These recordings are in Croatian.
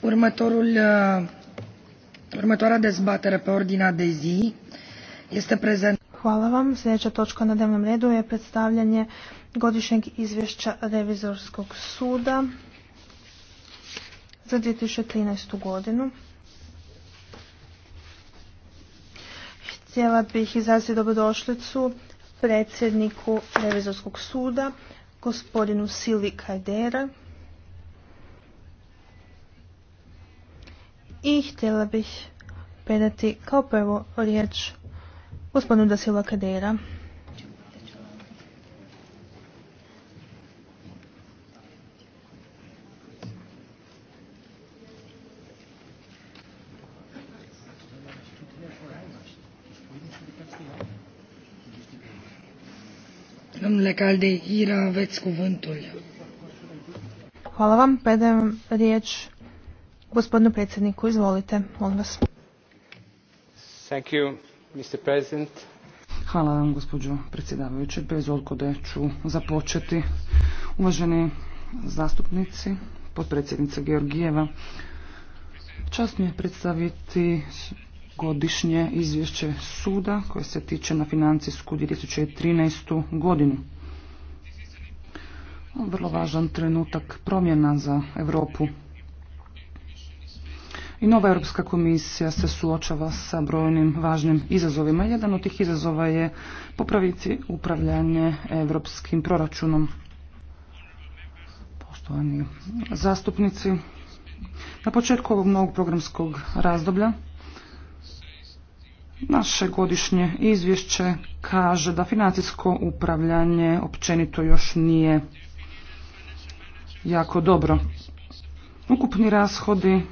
Uh, următoarea dezbatere pe ordinea de zi este Hvala vam. Sljedeća točka na dnevnom redu je predstavljanje godišnjeg izvješća Revizorskog suda za 2013. godinu. Htjela bih izraziti dobrodošlicu predsjedniku Revizorskog suda, gospodinu Silvi Kajdera. i htjela bih predati kao prvo riječ gospodinu Dasila Kadera. Domnule aveți cuvântul. Hvala vam, predajem riječ Gospodinu predsjedniku, izvolite, molim vas. Thank you, Mr. President. Hvala vam, gospođo predsjedavajući. Bez odgode ću započeti. Uvaženi zastupnici, potpredsjednica Georgijeva, čast mi je predstaviti godišnje izvješće suda koje se tiče na financijsku 2013. godinu. Vrlo važan trenutak promjena za Europu. I nova Europska komisija se suočava sa brojnim važnim izazovima. Jedan od tih izazova je popraviti upravljanje europskim proračunom. Poštovani zastupnici, na početku ovog novog programskog razdoblja naše godišnje izvješće kaže da financijsko upravljanje općenito još nije jako dobro. Ukupni rashodi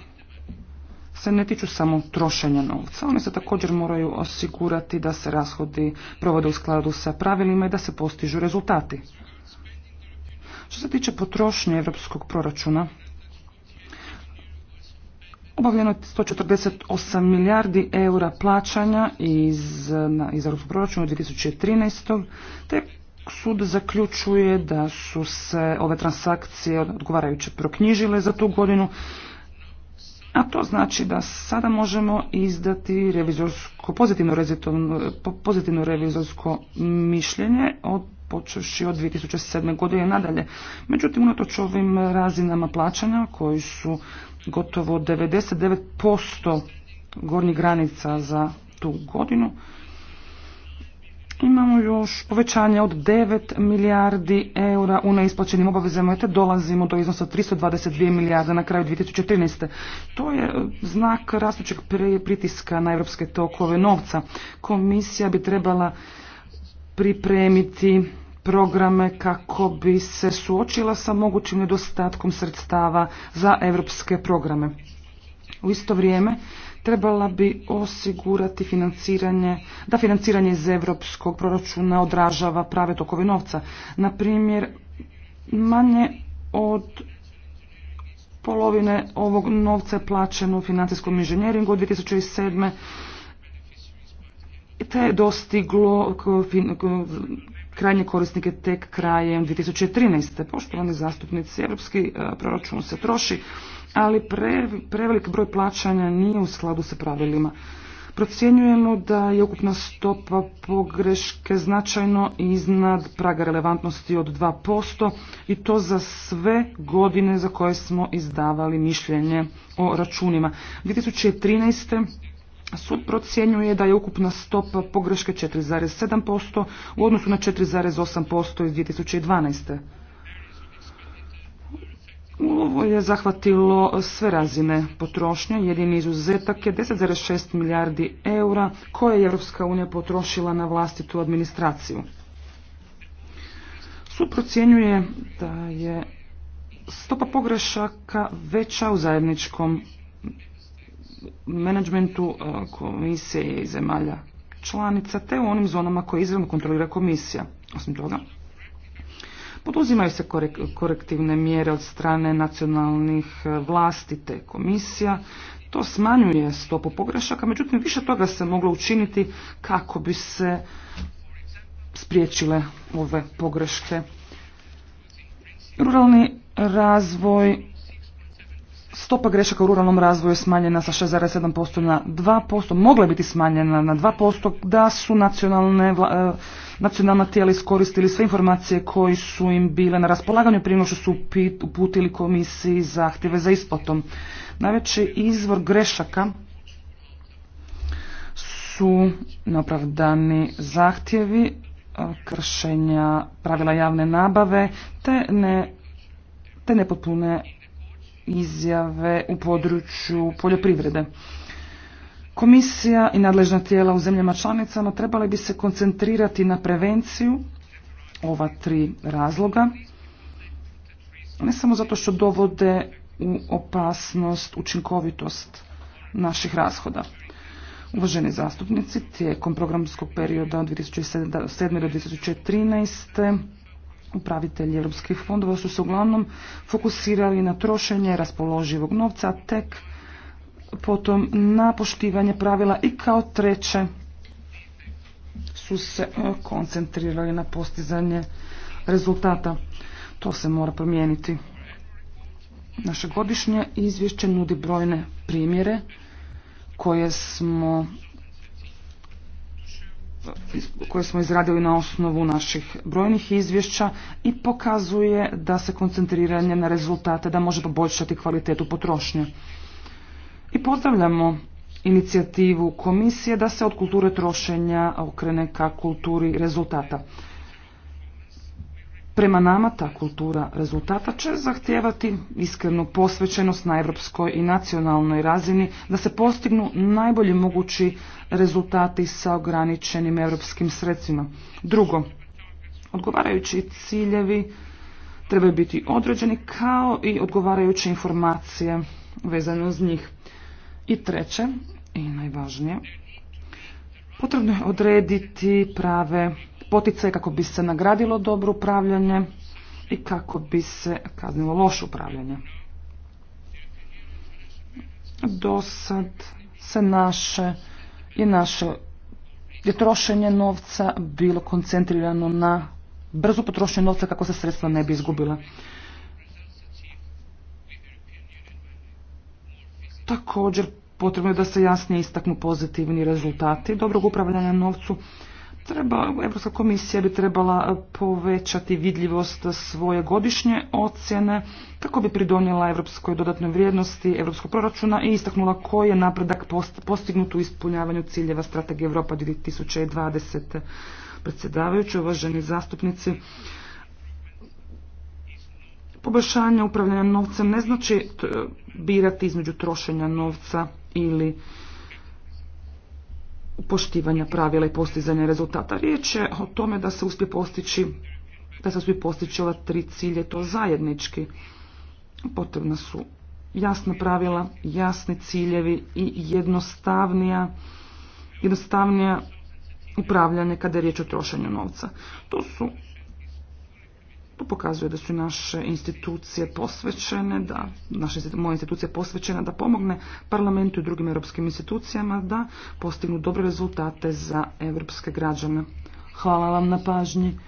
se ne tiču samo trošenja novca. Oni se također moraju osigurati da se rashodi provode u skladu sa pravilima i da se postižu rezultati. Što se tiče potrošnje europskog proračuna, obavljeno je 148 milijardi eura plaćanja iz, na, iz europskog proračuna 2013. te sud zaključuje da su se ove transakcije odgovarajuće proknjižile za tu godinu a to znači da sada možemo izdati revizorsko, pozitivno, pozitivno revizorsko mišljenje od počeši od 2007. godine nadalje. Međutim, unatoč ovim razinama plaćanja koji su gotovo 99% gornjih granica za tu godinu, Imamo još povećanje od 9 milijardi eura u neisplaćenim obavezama, te dolazimo do iznosa 322 milijarde na kraju 2013. To je eh, znak rastućeg pritiska na evropske tokove novca. Komisija bi trebala pripremiti programe kako bi se suočila sa mogućim nedostatkom sredstava za evropske programe. U isto vrijeme trebala bi osigurati financiranje, da financiranje iz europskog proračuna odražava prave tokove novca. Na primjer, manje od polovine ovog novca je plaćeno u financijskom inženjeringu od 2007. te je dostiglo krajnje korisnike tek krajem 2013. Poštovani zastupnici, europski e, proračun se troši ali pre, prevelik broj plaćanja nije u skladu sa pravilima. Procjenjujemo da je ukupna stopa pogreške značajno iznad praga relevantnosti od 2% i to za sve godine za koje smo izdavali mišljenje o računima. 2013. Sud procjenjuje da je ukupna stopa pogreške 4,7% u odnosu na 4,8% iz 2012. Ovo je zahvatilo sve razine potrošnje, jedini izuzetak je 10,6 milijardi eura koje je Europska unija potrošila na vlastitu administraciju. Sud procjenjuje da je stopa pogrešaka veća u zajedničkom menadžmentu e, komisije i zemalja članica te u onim zonama koje izravno kontrolira komisija. Osim toga, Poduzimaju se korektivne mjere od strane nacionalnih e, vlasti te komisija. To smanjuje stopu pogrešaka, međutim više toga se moglo učiniti kako bi se spriječile ove pogreške. Ruralni razvoj Stopa grešaka u ruralnom razvoju smanjena sa 6,7% na 2%, mogla biti smanjena na 2% da su nacionalne, e, nacionalna tijela iskoristili sve informacije koji su im bile na raspolaganju prije što su uputili komisiji zahtjeve za isplatom. Najveći izvor grešaka su neopravdani zahtjevi, e, kršenja pravila javne nabave te ne te nepotpune izjave u području poljoprivrede. Komisija i nadležna tijela u zemljama članicama trebali bi se koncentrirati na prevenciju ova tri razloga, ne samo zato što dovode u opasnost učinkovitost naših rashoda. Uvaženi zastupnici, tijekom programskog perioda od 2007. do 2013 upravitelji europskih fondova su se uglavnom fokusirali na trošenje raspoloživog novca, tek potom na poštivanje pravila i kao treće su se e, koncentrirali na postizanje rezultata. To se mora promijeniti. Naše godišnje izvješće nudi brojne primjere koje smo koje smo izradili na osnovu naših brojnih izvješća i pokazuje da se koncentriranje na rezultate da može poboljšati kvalitetu potrošnje. I pozdravljamo inicijativu komisije da se od kulture trošenja okrene ka kulturi rezultata. Prema nama ta kultura rezultata će zahtijevati iskrenu posvećenost na europskoj i nacionalnoj razini da se postignu najbolji mogući rezultati sa ograničenim europskim sredstvima. Drugo, odgovarajući ciljevi trebaju biti određeni kao i odgovarajuće informacije vezane uz njih. I treće, i najvažnije, potrebno je odrediti prave poticaj kako bi se nagradilo dobro upravljanje i kako bi se kaznilo loše upravljanje. Do sad se naše i naše je trošenje novca bilo koncentrirano na brzo potrošenje novca kako se sredstva ne bi izgubila. Također potrebno je da se jasnije istaknu pozitivni rezultati dobrog upravljanja novcu Treba, Evropska komisija bi trebala povećati vidljivost svoje godišnje ocjene kako bi pridonijela evropskoj dodatnoj vrijednosti evropskog proračuna i istaknula koji je napredak postignut u ispunjavanju ciljeva strategije Europa 2020. Predsjedavajući, uvaženi zastupnici, poboljšanje upravljanja novcem ne znači birati između trošenja novca ili poštivanja pravila i postizanja rezultata. Riječ je o tome da se uspije postići da se uspije postići ova tri cilje, to zajednički. Potrebna su jasna pravila, jasni ciljevi i jednostavnija, jednostavnija upravljanje kada je riječ o trošenju novca. To su pokazuje da su naše institucije posvećene, da naša moja institucija posvećena da pomogne parlamentu i drugim europskim institucijama da postignu dobre rezultate za europske građane. Hvala vam na pažnji.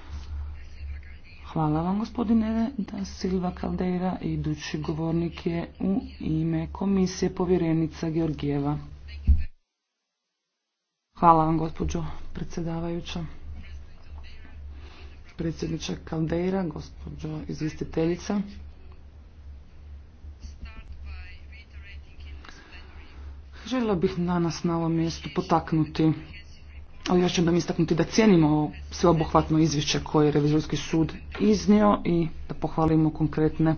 Hvala vam gospodine da Silva Caldeira, idući govornik je u ime komisije povjerenica Georgijeva. Hvala vam gospođo predsjedavajuća predsjedniče Kaldeira, gospođo izvjestiteljica. Željela bih danas na ovom mjestu potaknuti, ali još ćemo da mi istaknuti da cijenimo sveobuhvatno izvješće koje je Revizorski sud iznio i da pohvalimo konkretne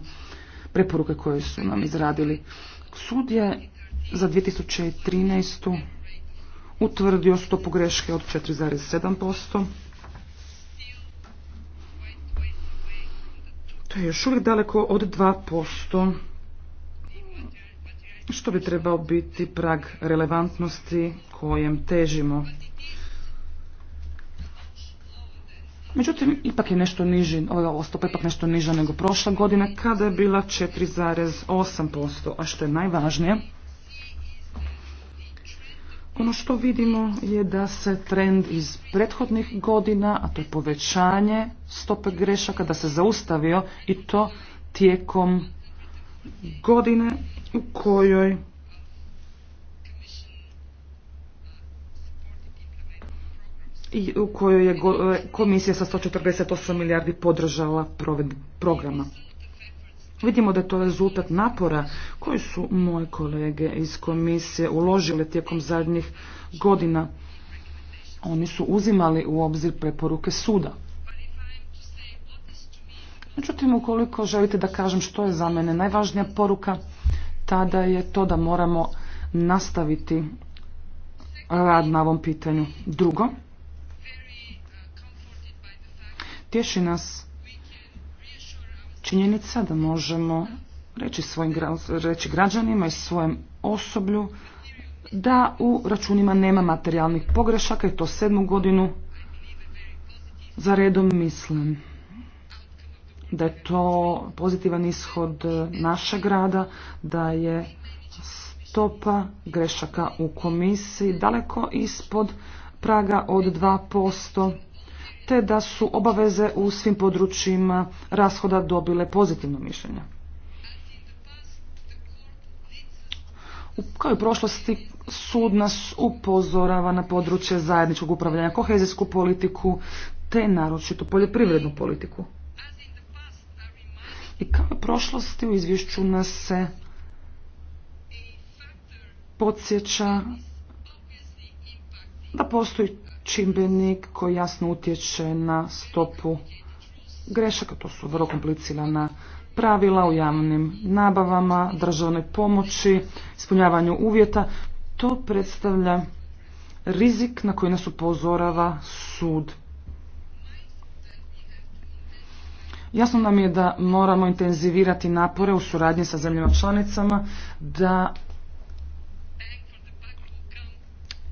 preporuke koje su nam izradili. Sud je za 2013. utvrdio stopu greške od 4,7%, je još uvijek daleko od 2%, što bi trebao biti prag relevantnosti kojem težimo. Međutim, ipak je nešto niži, ova stopa ipak nešto niža nego prošla godina kada je bila 4,8%, a što je najvažnije, ono što vidimo je da se trend iz prethodnih godina, a to je povećanje stope grešaka, da se zaustavio i to tijekom godine u kojoj i u kojoj je e, komisija sa 148 milijardi podržala provedbu programa. Vidimo da je to rezultat napora koji su moje kolege iz komisije uložile tijekom zadnjih godina. Oni su uzimali u obzir preporuke suda. Međutim, ukoliko želite da kažem što je za mene najvažnija poruka, tada je to da moramo nastaviti rad na ovom pitanju. Drugo, tješi nas činjenica da možemo reći, svojim, reći građanima i svojem osoblju da u računima nema materijalnih pogrešaka i to sedmu godinu za redom mislim da je to pozitivan ishod našeg rada, da je stopa grešaka u komisiji daleko ispod praga od 2% te da su obaveze u svim područjima rashoda dobile pozitivno mišljenje. Kao i u prošlosti, sud nas upozorava na područje zajedničkog upravljanja kohezijsku politiku, te naročito poljoprivrednu politiku. I kao i prošlosti u izvješću nas se podsjeća da postoji čimbenik koji jasno utječe na stopu grešaka. To su vrlo komplicirana pravila u javnim nabavama, državnoj pomoći, ispunjavanju uvjeta. To predstavlja rizik na koji nas upozorava sud. Jasno nam je da moramo intenzivirati napore u suradnji sa zemljama članicama da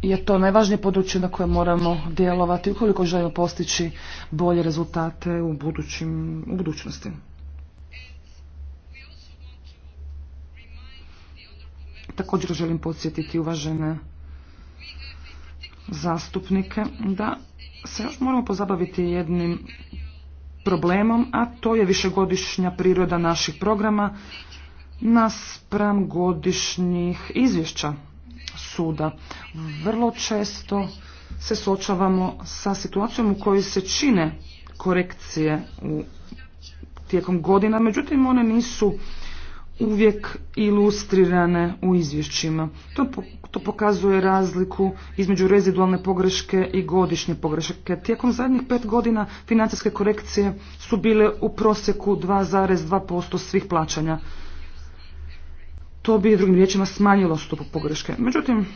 je to najvažnije područje na koje moramo djelovati ukoliko želimo postići bolje rezultate u, budućim, u budućnosti. Također želim podsjetiti uvažene zastupnike da se još moramo pozabaviti jednim problemom, a to je višegodišnja priroda naših programa naspram godišnjih izvješća suda. Vrlo često se suočavamo sa situacijom u kojoj se čine korekcije u tijekom godina, međutim one nisu uvijek ilustrirane u izvješćima. To, to pokazuje razliku između rezidualne pogreške i godišnje pogreške. Tijekom zadnjih pet godina financijske korekcije su bile u prosjeku 2,2% svih plaćanja to bi drugim riječima smanjilo stopu pogreške. Međutim,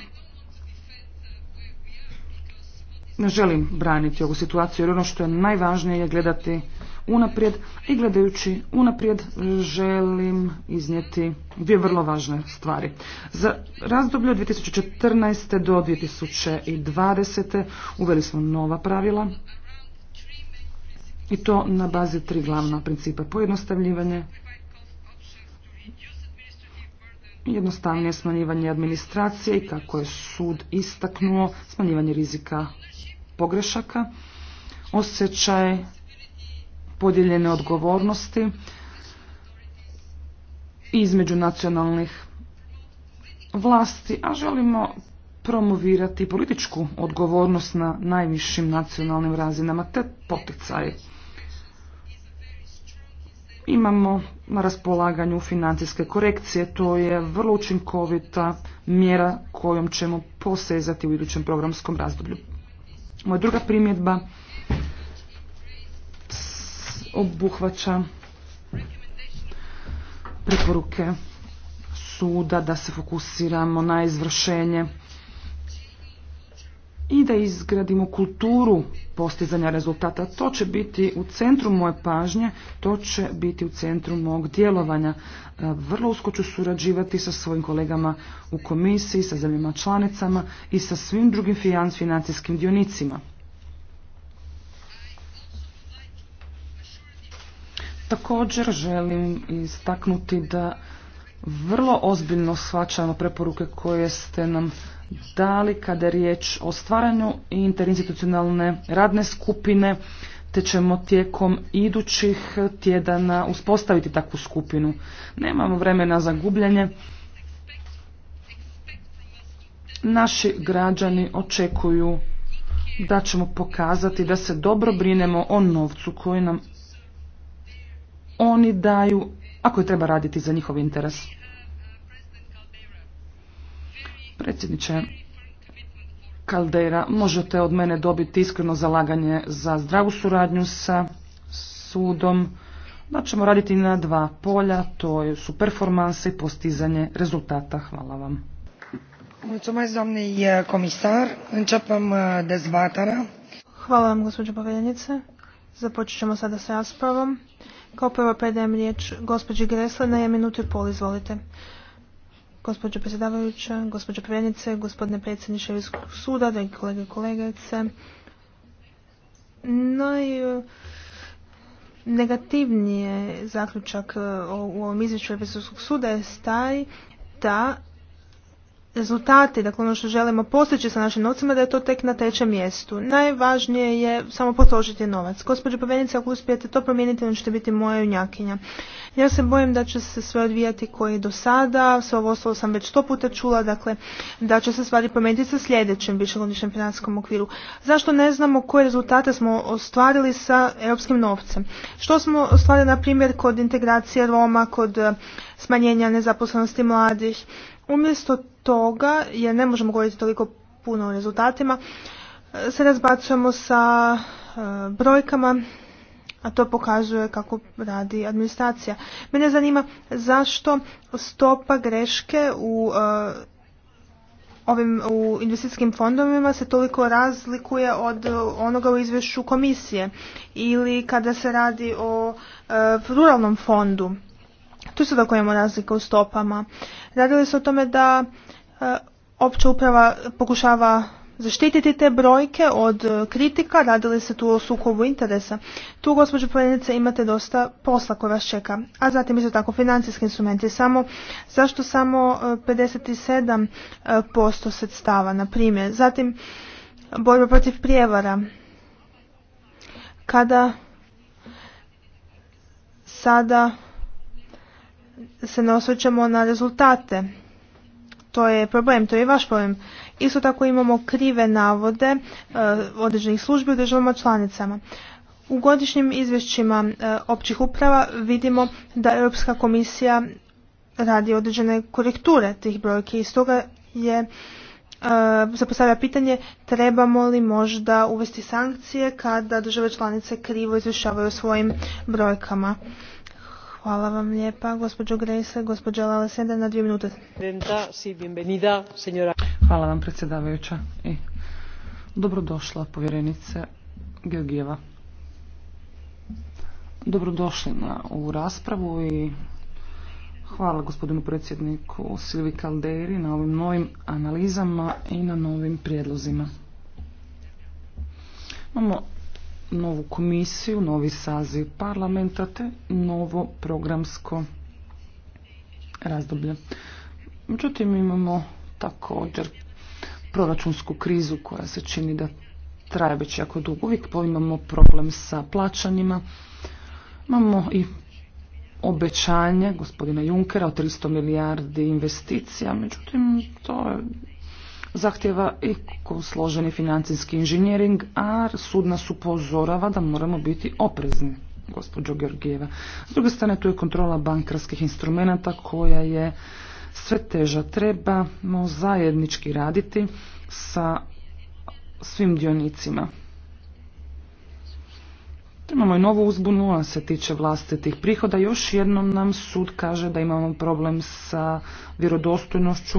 ne želim braniti ovu situaciju jer ono što je najvažnije je gledati unaprijed i gledajući unaprijed želim iznijeti dvije vrlo važne stvari. Za razdoblje od 2014. do 2020. uveli smo nova pravila i to na bazi tri glavna principa pojednostavljivanje, jednostavnije smanjivanje administracije i kako je sud istaknuo smanjivanje rizika pogrešaka, osjećaj podijeljene odgovornosti između nacionalnih vlasti, a želimo promovirati političku odgovornost na najvišim nacionalnim razinama te poticaj imamo na raspolaganju financijske korekcije. To je vrlo učinkovita mjera kojom ćemo posezati u idućem programskom razdoblju. Moja druga primjedba obuhvaća preporuke suda da se fokusiramo na izvršenje i da izgradimo kulturu postizanja rezultata. To će biti u centru moje pažnje, to će biti u centru mog djelovanja. E, vrlo usko ću surađivati sa svojim kolegama u komisiji, sa zemljama članicama i sa svim drugim financijskim dionicima. Također želim istaknuti da vrlo ozbiljno shvaćamo preporuke koje ste nam da li kada je riječ o stvaranju interinstitucionalne radne skupine, te ćemo tijekom idućih tjedana uspostaviti takvu skupinu. Nemamo vremena za gubljanje. Naši građani očekuju da ćemo pokazati da se dobro brinemo o novcu koji nam oni daju, ako je treba raditi za njihov interes. Predsjedniče Kaldera, možete od mene dobiti iskreno zalaganje za zdravu suradnju sa sudom. Da znači, ćemo raditi na dva polja, to su performanse i postizanje rezultata. Hvala vam. komisar e, e, Hvala vam, gospođo povjerenice. Započet ćemo sada sa raspravom. Kao prvo predajem riječ gospođi Gresle na je minutu i pol, izvolite. Gospođo predsjedavajuća, gospođo povjerenice, gospodine predsjedniče Visokog suda, dragi kolege i kolegice. Najnegativniji zaključak e, u ovom izvješću Visokog suda je taj da rezultati, dakle ono što želimo postići sa našim novcima, da je to tek na trećem mjestu. Najvažnije je samo potrošiti novac. Gospođo povjednice, ako uspijete to promijeniti, onda ćete biti moja junjakinja. Ja se bojim da će se sve odvijati koji do sada, sve ovo ostalo sam već sto puta čula, dakle da će se stvari promijeniti sa sljedećem višegodišnjem financijskom okviru. Zašto ne znamo koje rezultate smo ostvarili sa europskim novcem? Što smo ostvarili, na primjer, kod integracije Roma, kod eh, smanjenja nezaposlenosti mladih? Umjesto toga, jer ne možemo govoriti toliko puno o rezultatima, e, se razbacujemo sa e, brojkama, a to pokazuje kako radi administracija. Mene zanima zašto stopa greške u e, ovim u investicijskim fondovima se toliko razlikuje od onoga u izvješću komisije ili kada se radi o ruralnom fondu. Tu se tako imamo razlike u stopama. Radili se o tome da E, opća uprava pokušava zaštititi te brojke od e, kritika, radili se tu o sukobu interesa. Tu, gospođo povjerenice, imate dosta posla koja vas čeka. A zatim isto tako financijski instrumenti. Samo, zašto samo 57% e, sredstava, na primjer? Zatim, borba protiv prijevara. Kada sada se ne na rezultate to je problem, to je vaš problem. Isto tako imamo krive navode e, određenih službi u državama članicama. U godišnjim izvješćima e, općih uprava vidimo da Europska komisija radi određene korekture tih brojki i stoga je se pitanje trebamo li možda uvesti sankcije kada države članice krivo o svojim brojkama. Hvala vam lijepa, gospođo Grejsa, Gospođa Lalesenda na dvije minute. Hvala vam, predsjedavajuća. I dobrodošla, povjerenice Georgijeva. Dobrodošli na ovu raspravu i hvala gospodinu predsjedniku Silvi Kalderi na ovim novim analizama i na novim prijedlozima. Imamo novu komisiju, novi saziv parlamenta te novo programsko razdoblje. Međutim, imamo također proračunsku krizu koja se čini da traje već jako dugo. Uvijek imamo problem sa plaćanjima. Imamo i obećanje gospodina Junkera o 300 milijardi investicija. Međutim, to je zahtjeva i složeni financijski inženjering, a sud nas upozorava da moramo biti oprezni gospođo Georgijeva. S druge strane tu je kontrola bankarskih instrumenata koja je sve teža. Trebamo zajednički raditi sa svim dionicima. Imamo i novu uzbunu, a se tiče vlastitih prihoda. Još jednom nam sud kaže da imamo problem sa vjerodostojnošću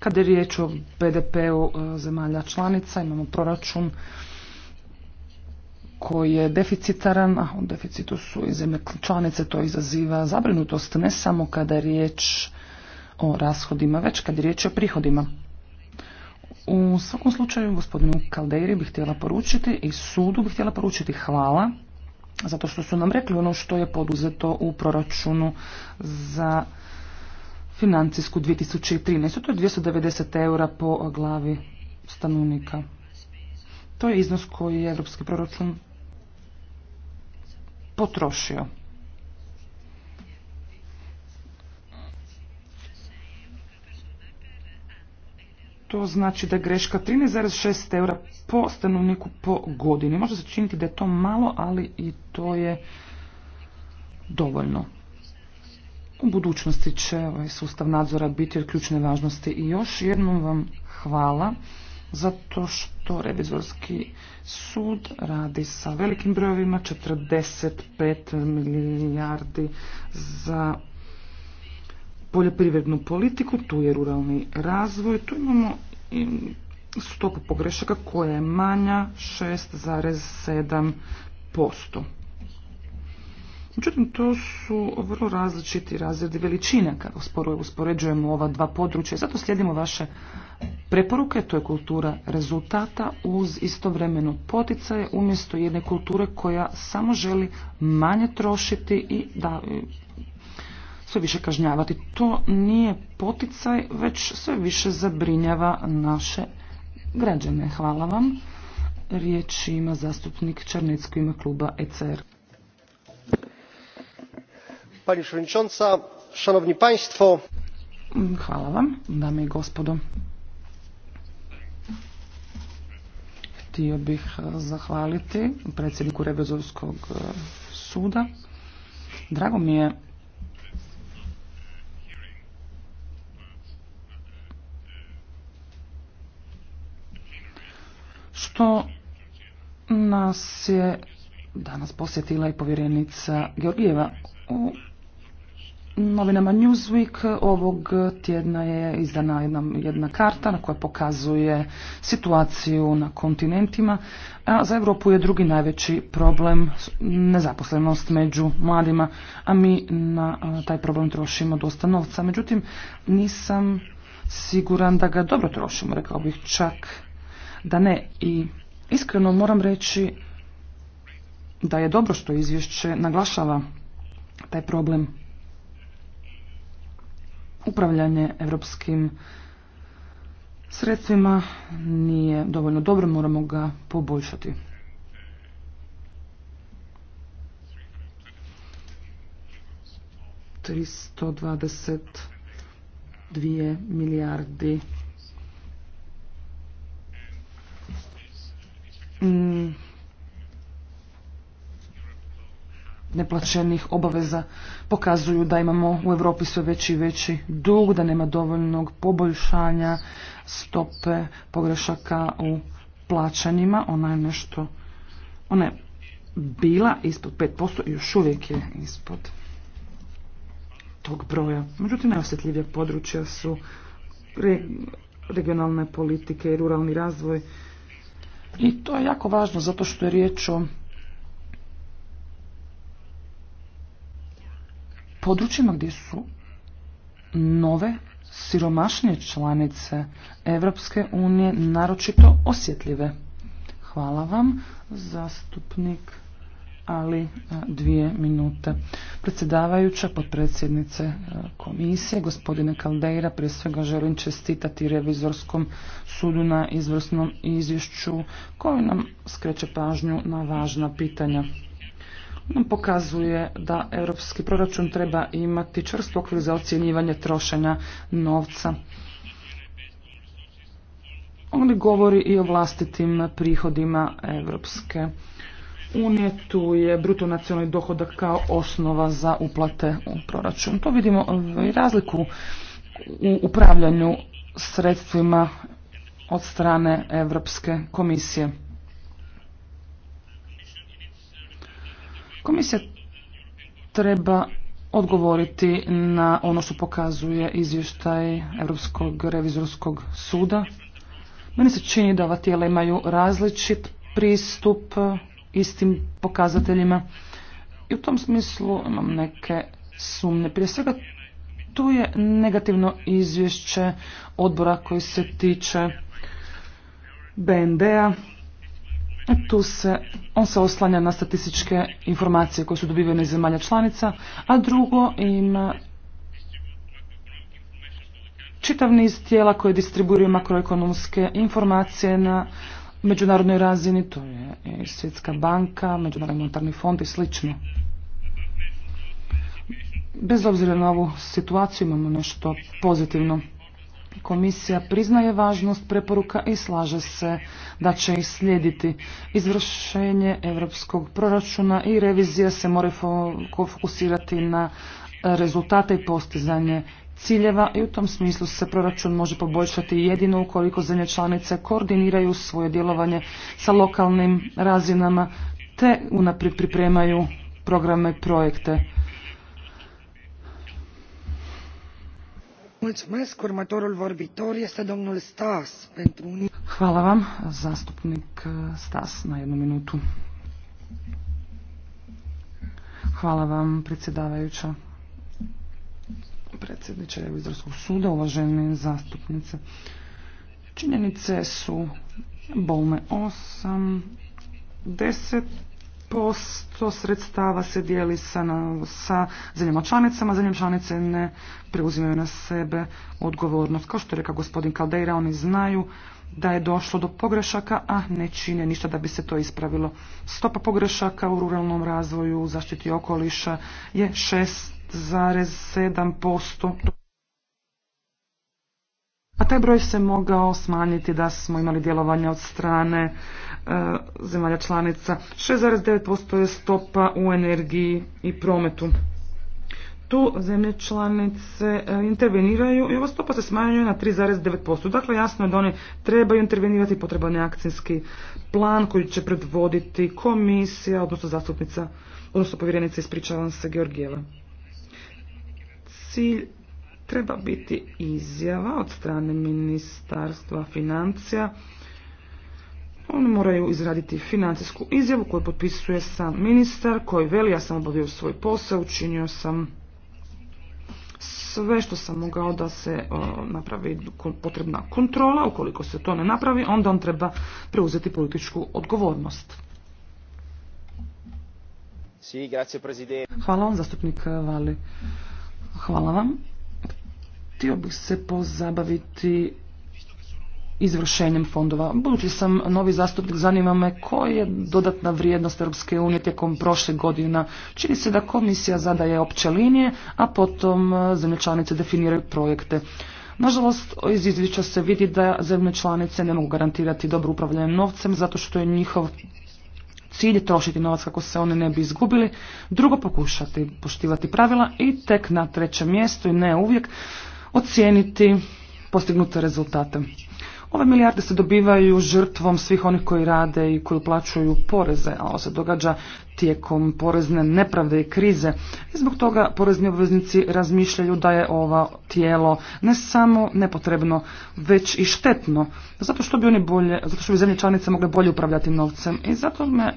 kada je riječ o BDP-u e, zemalja članica, imamo proračun koji je deficitaran, a u deficitu su i zemlje članice, to izaziva zabrinutost ne samo kada je riječ o rashodima, već kada je riječ o prihodima. U svakom slučaju gospodinu kalderi bih htjela poručiti i sudu bih htjela poručiti hvala zato što su nam rekli ono što je poduzeto u proračunu za financijsku 2013. To je 290 eura po glavi stanovnika. To je iznos koji je evropski proračun potrošio. To znači da je greška 13,6 eura po stanovniku po godini. možda se činiti da je to malo, ali i to je dovoljno. U budućnosti će ovaj sustav nadzora biti od ključne važnosti i još jednom vam hvala zato što revizorski sud radi sa velikim brojevima 45 milijardi za poljoprivrednu politiku, tu je ruralni razvoj, tu imamo stopu pogrešaka koja je manja 6,7%. Međutim, to su vrlo različiti razredi veličine kada uspoređujemo ova dva područja. Zato slijedimo vaše preporuke, to je kultura rezultata uz istovremeno poticaje umjesto jedne kulture koja samo želi manje trošiti i da e, sve više kažnjavati. To nije poticaj, već sve više zabrinjava naše građane. Hvala vam. Riječ ima zastupnik Černecki ima kluba ECR pani przewodnicząca! szanowni państwo! hvala vam dame i gospodo htio bih e, zahvaliti predsjedniku revizorskog e, suda drago mi je što nas je danas posjetila i povjerenica Georgijeva u novinama Newsweek ovog tjedna je izdana jedna, jedna karta na koja pokazuje situaciju na kontinentima, a za Europu je drugi najveći problem nezaposlenost među mladima, a mi na taj problem trošimo dosta novca. Međutim, nisam siguran da ga dobro trošimo, rekao bih čak da ne. I iskreno moram reći da je dobro što izvješće naglašava taj problem upravljanje europskim sredstvima nije dovoljno dobro, moramo ga poboljšati. Tristo dvadeset dvije milijardi neplaćenih obaveza pokazuju da imamo u Europi sve veći i veći dug, da nema dovoljnog poboljšanja stope pogrešaka u plaćanjima. Ona je nešto, ona je bila ispod 5% i još uvijek je ispod tog broja. Međutim, najosjetljivija područja su re, regionalne politike i ruralni razvoj. I to je jako važno zato što je riječ o područjima gdje su nove siromašnije članice Evropske unije naročito osjetljive. Hvala vam, zastupnik ali e, dvije minute. Predsjedavajuća, potpredsjednice e, komisije, gospodine Kaldeira, prije svega želim čestitati revizorskom sudu na izvrsnom izvješću koji nam skreće pažnju na važna pitanja pokazuje da europski proračun treba imati čvrst okvir za ocjenjivanje trošenja novca. On govori i o vlastitim prihodima Europske unije. Tu je bruto nacionalni dohodak kao osnova za uplate u proračun. To vidimo i razliku u upravljanju sredstvima od strane Europske komisije. Komisija treba odgovoriti na ono što pokazuje izvještaj Europskog revizorskog suda. Meni se čini da ova tijela imaju različit pristup istim pokazateljima i u tom smislu imam neke sumnje. Prije svega tu je negativno izvješće odbora koji se tiče BND-a tu se, on se oslanja na statističke informacije koje su dobivene iz zemalja članica, a drugo ima e, čitav niz tijela koje distribuiraju makroekonomske informacije na međunarodnoj razini, to je Svjetska banka, Međunarodni monetarni fond i sl. Bez obzira na ovu situaciju imamo nešto pozitivno. Komisija priznaje važnost preporuka i slaže se da će ih slijediti. Izvršenje europskog proračuna i revizija se mora fokusirati na rezultate i postizanje ciljeva i u tom smislu se proračun može poboljšati jedino ukoliko zemlje članice koordiniraju svoje djelovanje sa lokalnim razinama te unaprijed pripremaju programe i projekte. Hvala vam. Zastupnik uh, Stas na jednu minutu. Hvala vam, predsjedavajuća. Predsjedniče Revizorskog suda, uvažene zastupnice. Činjenice su bolne 8, 10, posto sredstava se dijeli sa, sa zemljama članicama, zemljama članice ne preuzimaju na sebe odgovornost. Kao što je rekao gospodin Kaldeira, oni znaju da je došlo do pogrešaka, a ne čine ništa da bi se to ispravilo. Stopa pogrešaka u ruralnom razvoju, u zaštiti okoliša je 6,7% a taj broj se mogao smanjiti da smo imali djelovanje od strane e, zemalja članica. 6,9% je stopa u energiji i prometu. Tu zemlje članice e, interveniraju i ova stopa se smanjuje na 3,9%. Dakle, jasno je da oni trebaju intervenirati potreban je akcijski plan koji će predvoditi komisija, odnosno zastupnica, odnosno povjerenica, ispričavam se, Georgijeva. Cilj treba biti izjava od strane Ministarstva financija. Oni moraju izraditi financijsku izjavu koju potpisuje sam ministar koji veli ja sam obavio svoj posao, učinio sam sve što sam mogao da se napravi potrebna kontrola. Ukoliko se to ne napravi, onda on treba preuzeti političku odgovornost. Hvala vam, zastupnik Vali. Hvala vam htio bih se pozabaviti izvršenjem fondova. Budući sam novi zastupnik, zanima me koja je dodatna vrijednost Europske unije tijekom prošle godina. Čini se da komisija zadaje opće linije, a potom e, zemlje članice definiraju projekte. Nažalost, iz izvješća se vidi da zemlje članice ne mogu garantirati dobro upravljanje novcem zato što je njihov cilj trošiti novac kako se oni ne bi izgubili, drugo pokušati poštivati pravila i tek na trećem mjestu i ne uvijek ocijeniti postignute rezultate. Ove milijarde se dobivaju žrtvom svih onih koji rade i koji uplaćuju poreze, a ovo se događa tijekom porezne nepravde i krize. I zbog toga porezni obveznici razmišljaju da je ovo tijelo ne samo nepotrebno, već i štetno, zato što bi oni bolje, zato što bi zemlje članice mogle bolje upravljati novcem. I zato me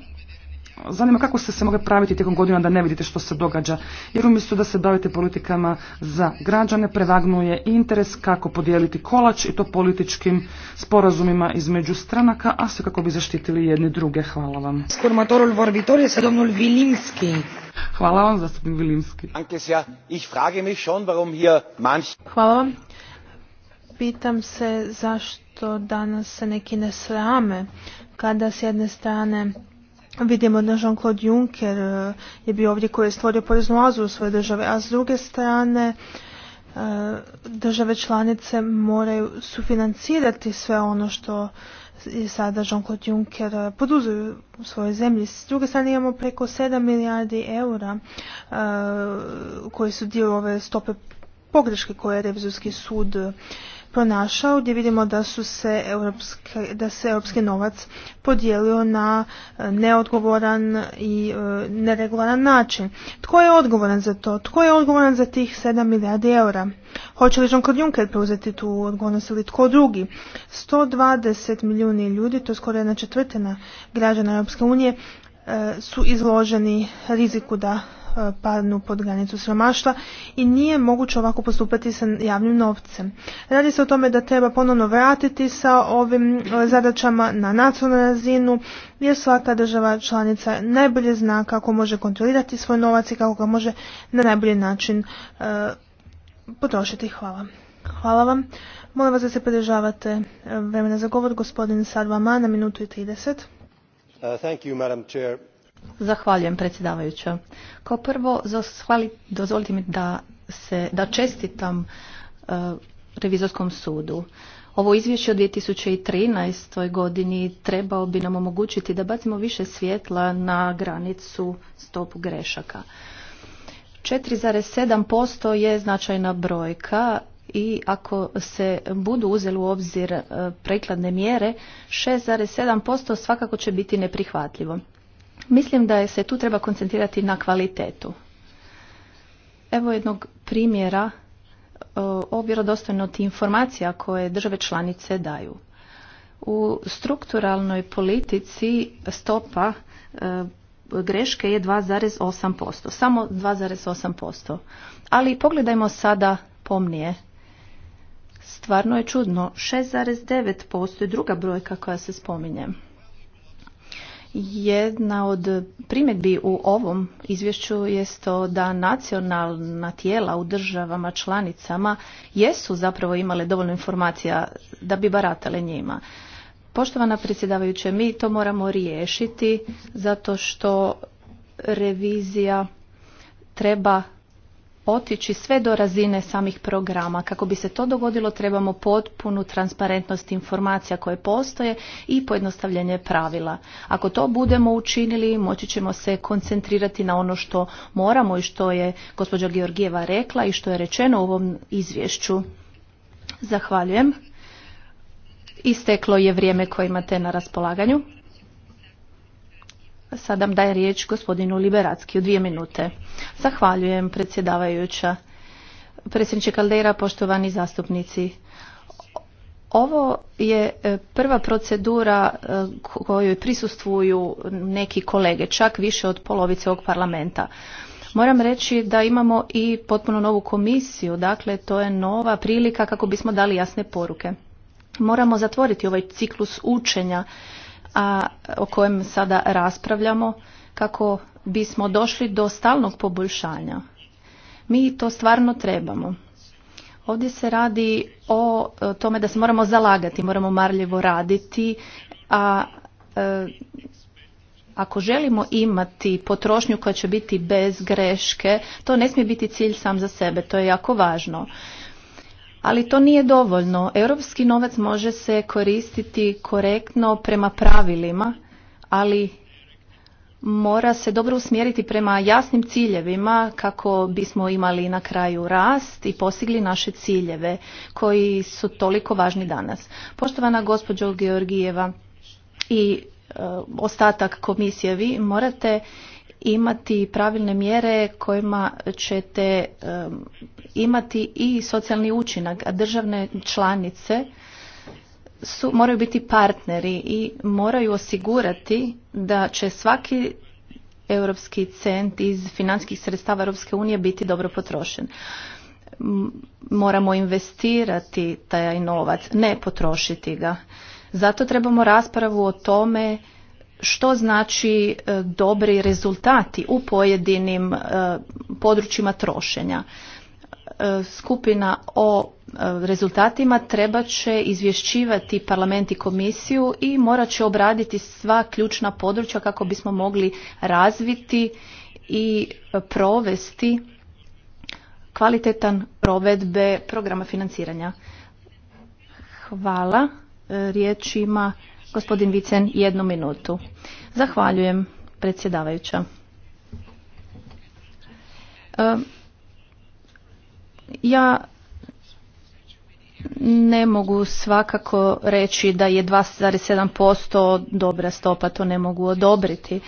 zanima kako ste se mogli praviti tijekom godina da ne vidite što se događa. Jer umjesto da se bavite politikama za građane, prevagnuje interes kako podijeliti kolač i to političkim sporazumima između stranaka, a sve kako bi zaštitili jedne druge. Hvala vam. Hvala vam, zastupnik Vilimski. Hvala vam. Pitam se zašto danas se neki ne srame kada s jedne strane Vidimo da Jean-Claude Juncker e, je bio ovdje koji je stvorio poreznu azu u svoje države, a s druge strane e, države članice moraju sufinancirati sve ono što i sada Jean-Claude Juncker e, poduzuju u svojoj zemlji. S druge strane imamo preko 7 milijardi eura koji su dio ove stope pogreške koje je revizorski sud pronašao gdje vidimo da su se da se europski novac podijelio na e, neodgovoran i e, neregularan način. Tko je odgovoran za to? Tko je odgovoran za tih 7 milijardi eura? Hoće li Jean-Claude Juncker preuzeti tu odgovornost ili tko drugi? 120 milijuni ljudi, to je skoro jedna četvrtina građana Europske unije, e, su izloženi riziku da E, padnu pod granicu siromaštva i nije moguće ovako postupati sa javnim novcem. Radi se o tome da treba ponovno vratiti sa ovim e, zadaćama na nacionalnu razinu jer svaka država članica najbolje zna kako može kontrolirati svoj novac i kako ga može na najbolji način e, potrošiti. Hvala. Hvala vam. Molim vas da se pridržavate vremena za govor. Gospodin Sarvama na minutu i 30. Uh, thank you, Madam Chair. Zahvaljujem predsjedavajuća. Kao prvo, dozvolite mi da, se, da čestitam e, revizorskom sudu. Ovo izvješće o 2013. godini trebao bi nam omogućiti da bacimo više svjetla na granicu stopu grešaka. 4,7% je značajna brojka i ako se budu uzeli u obzir e, prekladne mjere, 6,7% svakako će biti neprihvatljivo. Mislim da se tu treba koncentrirati na kvalitetu. Evo jednog primjera e, o vjerodostojnosti informacija koje države članice daju. U strukturalnoj politici stopa e, greške je 2,8%, samo 2,8%. Ali pogledajmo sada pomnije. Stvarno je čudno, 6,9% je druga brojka koja se spominje. Jedna od primjedbi u ovom izvješću je to da nacionalna tijela u državama članicama jesu zapravo imale dovoljno informacija da bi baratale njima. Poštovana predsjedavajuće, mi to moramo riješiti zato što revizija treba otići sve do razine samih programa. Kako bi se to dogodilo trebamo potpunu transparentnost informacija koje postoje i pojednostavljenje pravila. Ako to budemo učinili moći ćemo se koncentrirati na ono što moramo i što je gospođa Georgijeva rekla i što je rečeno u ovom izvješću. Zahvaljujem. Isteklo je vrijeme koje imate na raspolaganju. Sada daje riječ gospodinu Liberacki u dvije minute. Zahvaljujem predsjedavajuća. Predsjedniče Kaldera, poštovani zastupnici. Ovo je e, prva procedura e, kojoj prisustvuju neki kolege, čak više od polovice ovog parlamenta. Moram reći da imamo i potpuno novu komisiju, dakle to je nova prilika kako bismo dali jasne poruke. Moramo zatvoriti ovaj ciklus učenja a o kojem sada raspravljamo kako bismo došli do stalnog poboljšanja. Mi to stvarno trebamo. Ovdje se radi o tome da se moramo zalagati, moramo marljivo raditi, a e, ako želimo imati potrošnju koja će biti bez greške, to ne smije biti cilj sam za sebe, to je jako važno ali to nije dovoljno. Europski novac može se koristiti korektno prema pravilima, ali mora se dobro usmjeriti prema jasnim ciljevima kako bismo imali na kraju rast i postigli naše ciljeve koji su toliko važni danas. Poštovana gospođo Georgijeva i e, ostatak komisije, vi morate imati pravilne mjere kojima ćete imati i socijalni učinak, a državne članice su, moraju biti partneri i moraju osigurati da će svaki europski cent iz financijskih sredstava Europske unije biti dobro potrošen. Moramo investirati taj novac, ne potrošiti ga. Zato trebamo raspravu o tome što znači e, dobri rezultati u pojedinim e, područjima trošenja. E, skupina o rezultatima treba će izvješćivati parlament i komisiju i morat će obraditi sva ključna područja kako bismo mogli razviti i provesti kvalitetan provedbe programa financiranja. Hvala. Riječ ima Gospodin Vicen, jednu minutu. Zahvaljujem, predsjedavajuća. E, ja ne mogu svakako reći da je 2,7% dobra stopa, to ne mogu odobriti. E,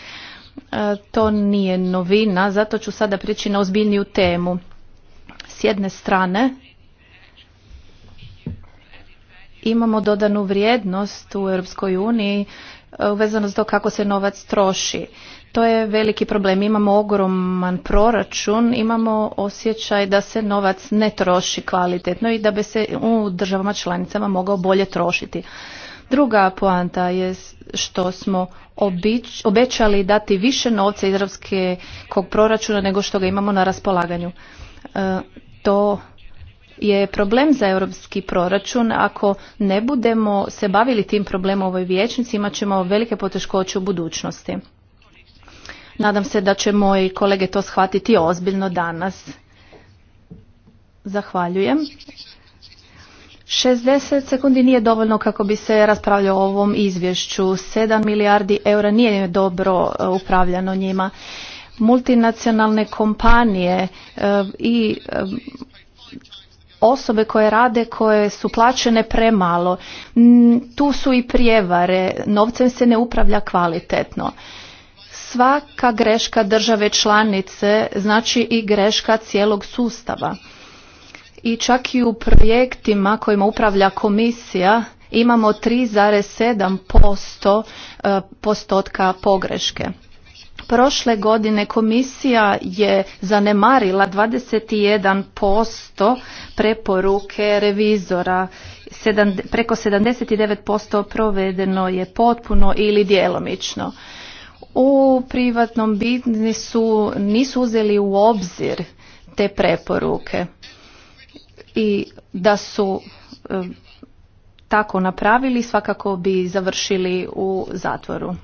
to nije novina, zato ću sada prići na ozbiljniju temu. S jedne strane, imamo dodanu vrijednost u Europskoj uniji e, vezano s to kako se novac troši. To je veliki problem. Imamo ogroman proračun, imamo osjećaj da se novac ne troši kvalitetno i da bi se u državama članicama mogao bolje trošiti. Druga poanta je što smo obećali dati više novca iz kog proračuna nego što ga imamo na raspolaganju. E, to je problem za europski proračun. Ako ne budemo se bavili tim problemom u ovoj vijećnici, imat ćemo velike poteškoće u budućnosti. Nadam se da će moji kolege to shvatiti ozbiljno danas. Zahvaljujem. 60 sekundi nije dovoljno kako bi se raspravljao o ovom izvješću. 7 milijardi eura nije dobro e, upravljano njima multinacionalne kompanije e, i e, osobe koje rade, koje su plaćene premalo. Mm, tu su i prijevare, novcem se ne upravlja kvalitetno. Svaka greška države članice znači i greška cijelog sustava. I čak i u projektima kojima upravlja komisija imamo 3,7% eh, postotka pogreške. Prošle godine komisija je zanemarila 21% preporuke revizora. preko 79% provedeno je potpuno ili djelomično. U privatnom biznisu nisu uzeli u obzir te preporuke i da su eh, tako napravili svakako bi završili u zatvoru.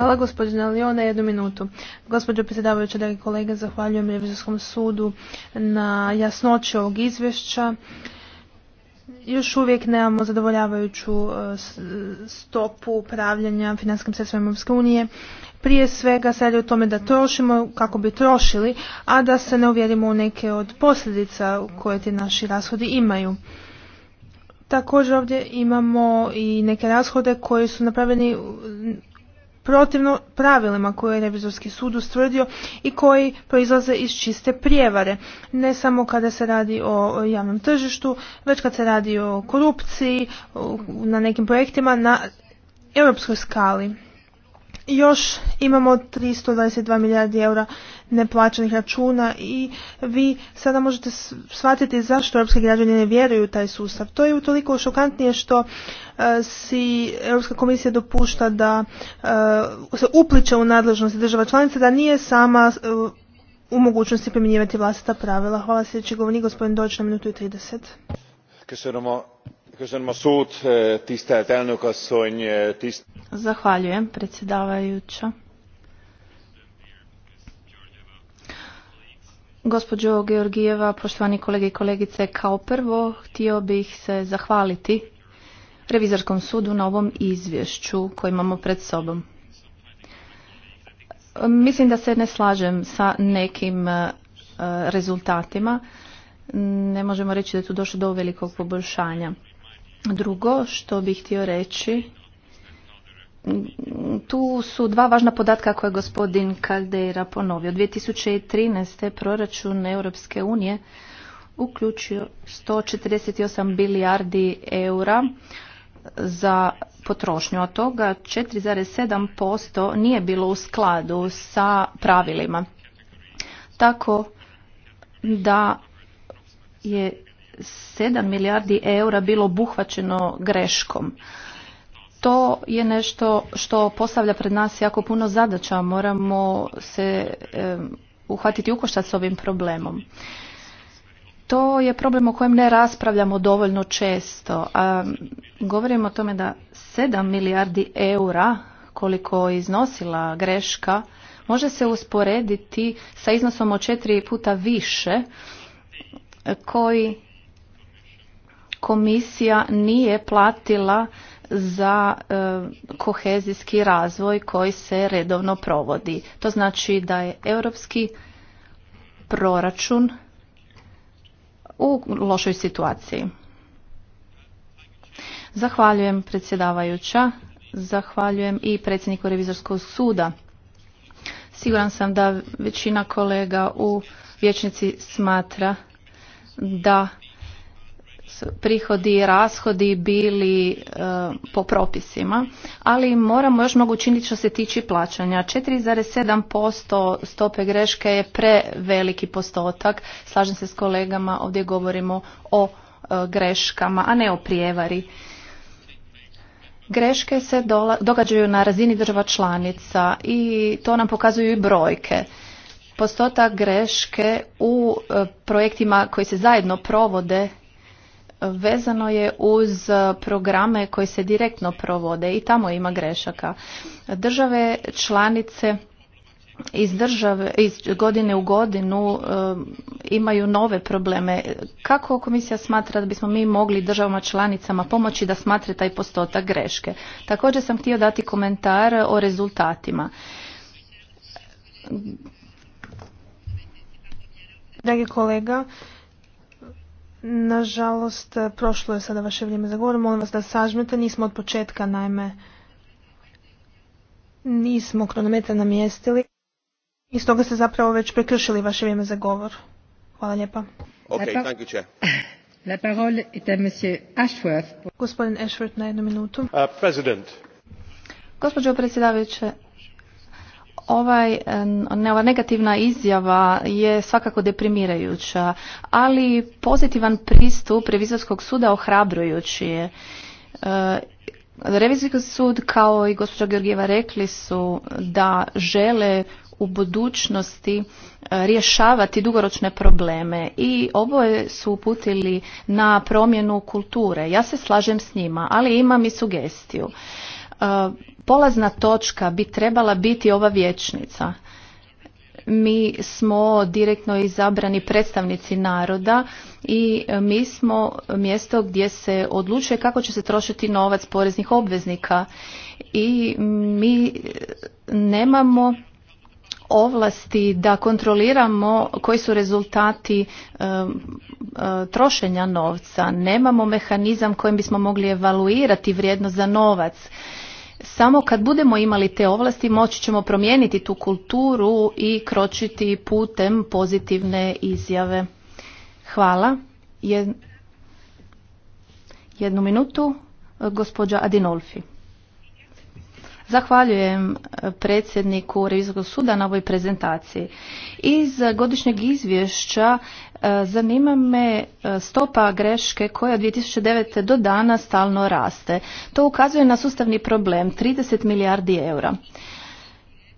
Hvala gospodine Leona, jednu minutu. Gospođo predsjedavajuća, dragi kolege, zahvaljujem Revizorskom sudu na jasnoći ovog izvješća. Još uvijek nemamo zadovoljavajuću e, stopu upravljanja Finanskim sredstvima Europske unije. Prije svega sad je o tome da trošimo kako bi trošili, a da se ne uvjerimo u neke od posljedica koje ti naši rashodi imaju. Također ovdje imamo i neke rashode koji su napravljeni protivno pravilima koje je revizorski sud ustvrdio i koji proizlaze iz čiste prijevare. Ne samo kada se radi o javnom tržištu, već kad se radi o korupciji, na nekim projektima na europskoj skali još imamo 322 milijardi eura neplaćenih računa i vi sada možete shvatiti zašto europski građani ne vjeruju u taj sustav. To je utoliko šokantnije što e, si Europska komisija dopušta da e, se upliče u nadležnost država članica, da nije sama e, u mogućnosti primjenjivati vlastita pravila. Hvala sljedeći govornik, gospodin Doć, na minutu i 30. Eh, eh, Zahvaljujem, predsjedavajuća. Gospođo Georgijeva, poštovani kolege i kolegice, kao prvo htio bih se zahvaliti Revizorskom sudu na ovom izvješću koje imamo pred sobom. Mislim da se ne slažem sa nekim eh, rezultatima. Ne možemo reći da je tu došlo do velikog poboljšanja. Drugo što bih htio reći, tu su dva važna podatka koje je gospodin Caldera ponovio. 2013. proračun Europske unije uključio 148 bilijardi eura za potrošnju, a toga 4,7% nije bilo u skladu sa pravilima. Tako da je 7 milijardi eura bilo obuhvaćeno greškom. To je nešto što postavlja pred nas jako puno zadaća. Moramo se e, uhvatiti ukoštac s ovim problemom. To je problem o kojem ne raspravljamo dovoljno često. A, govorimo o tome da 7 milijardi eura koliko je iznosila greška može se usporediti sa iznosom od četiri puta više koji komisija nije platila za e, kohezijski razvoj koji se redovno provodi. To znači da je europski proračun u lošoj situaciji. Zahvaljujem predsjedavajuća, zahvaljujem i predsjedniku revizorskog suda. Siguran sam da većina kolega u vječnici smatra da prihodi i rashodi bili e, po propisima, ali moramo još mnogo učiniti što se tiče plaćanja. 4,7% stope greške je preveliki postotak. Slažem se s kolegama, ovdje govorimo o e, greškama, a ne o prijevari. Greške se dola, događaju na razini država članica i to nam pokazuju i brojke postotak greške u e, projektima koji se zajedno provode vezano je uz e, programe koji se direktno provode i tamo ima grešaka. Države članice iz države iz godine u godinu e, imaju nove probleme kako komisija smatra da bismo mi mogli državama članicama pomoći da smatre taj postotak greške također sam htio dati komentar o rezultatima dragi kolega Nažalost, e, prošlo je sada vaše vrijeme za govor. Molim vas da sažmete. Nismo od početka, naime, nismo kronometra namjestili. I stoga ste zapravo već prekršili vaše vrijeme za govor. Hvala lijepa. Okay, thank you, La parole est à monsieur Ashworth. Gospodin Ashworth na jednu minutu. Uh, president. Gospođo predsjedavajuće, Ovaj, e, ova negativna izjava je svakako deprimirajuća, ali pozitivan pristup revizorskog suda ohrabrujući je. E, revizorski sud, kao i gospođa Georgijeva, rekli su da žele u budućnosti e, rješavati dugoročne probleme i oboje su uputili na promjenu kulture. Ja se slažem s njima, ali imam i sugestiju polazna točka bi trebala biti ova vječnica. Mi smo direktno izabrani predstavnici naroda i mi smo mjesto gdje se odlučuje kako će se trošiti novac poreznih obveznika i mi nemamo ovlasti da kontroliramo koji su rezultati e, e, trošenja novca nemamo mehanizam kojim bismo mogli evaluirati vrijednost za novac samo kad budemo imali te ovlasti moći ćemo promijeniti tu kulturu i kročiti putem pozitivne izjave. Hvala. Jednu minutu, gospođa Adinolfi. Zahvaljujem e, predsjedniku Revizorskog suda na ovoj prezentaciji. Iz godišnjeg izvješća e, zanima me e, stopa greške koja od 2009. do dana stalno raste. To ukazuje na sustavni problem 30 milijardi eura.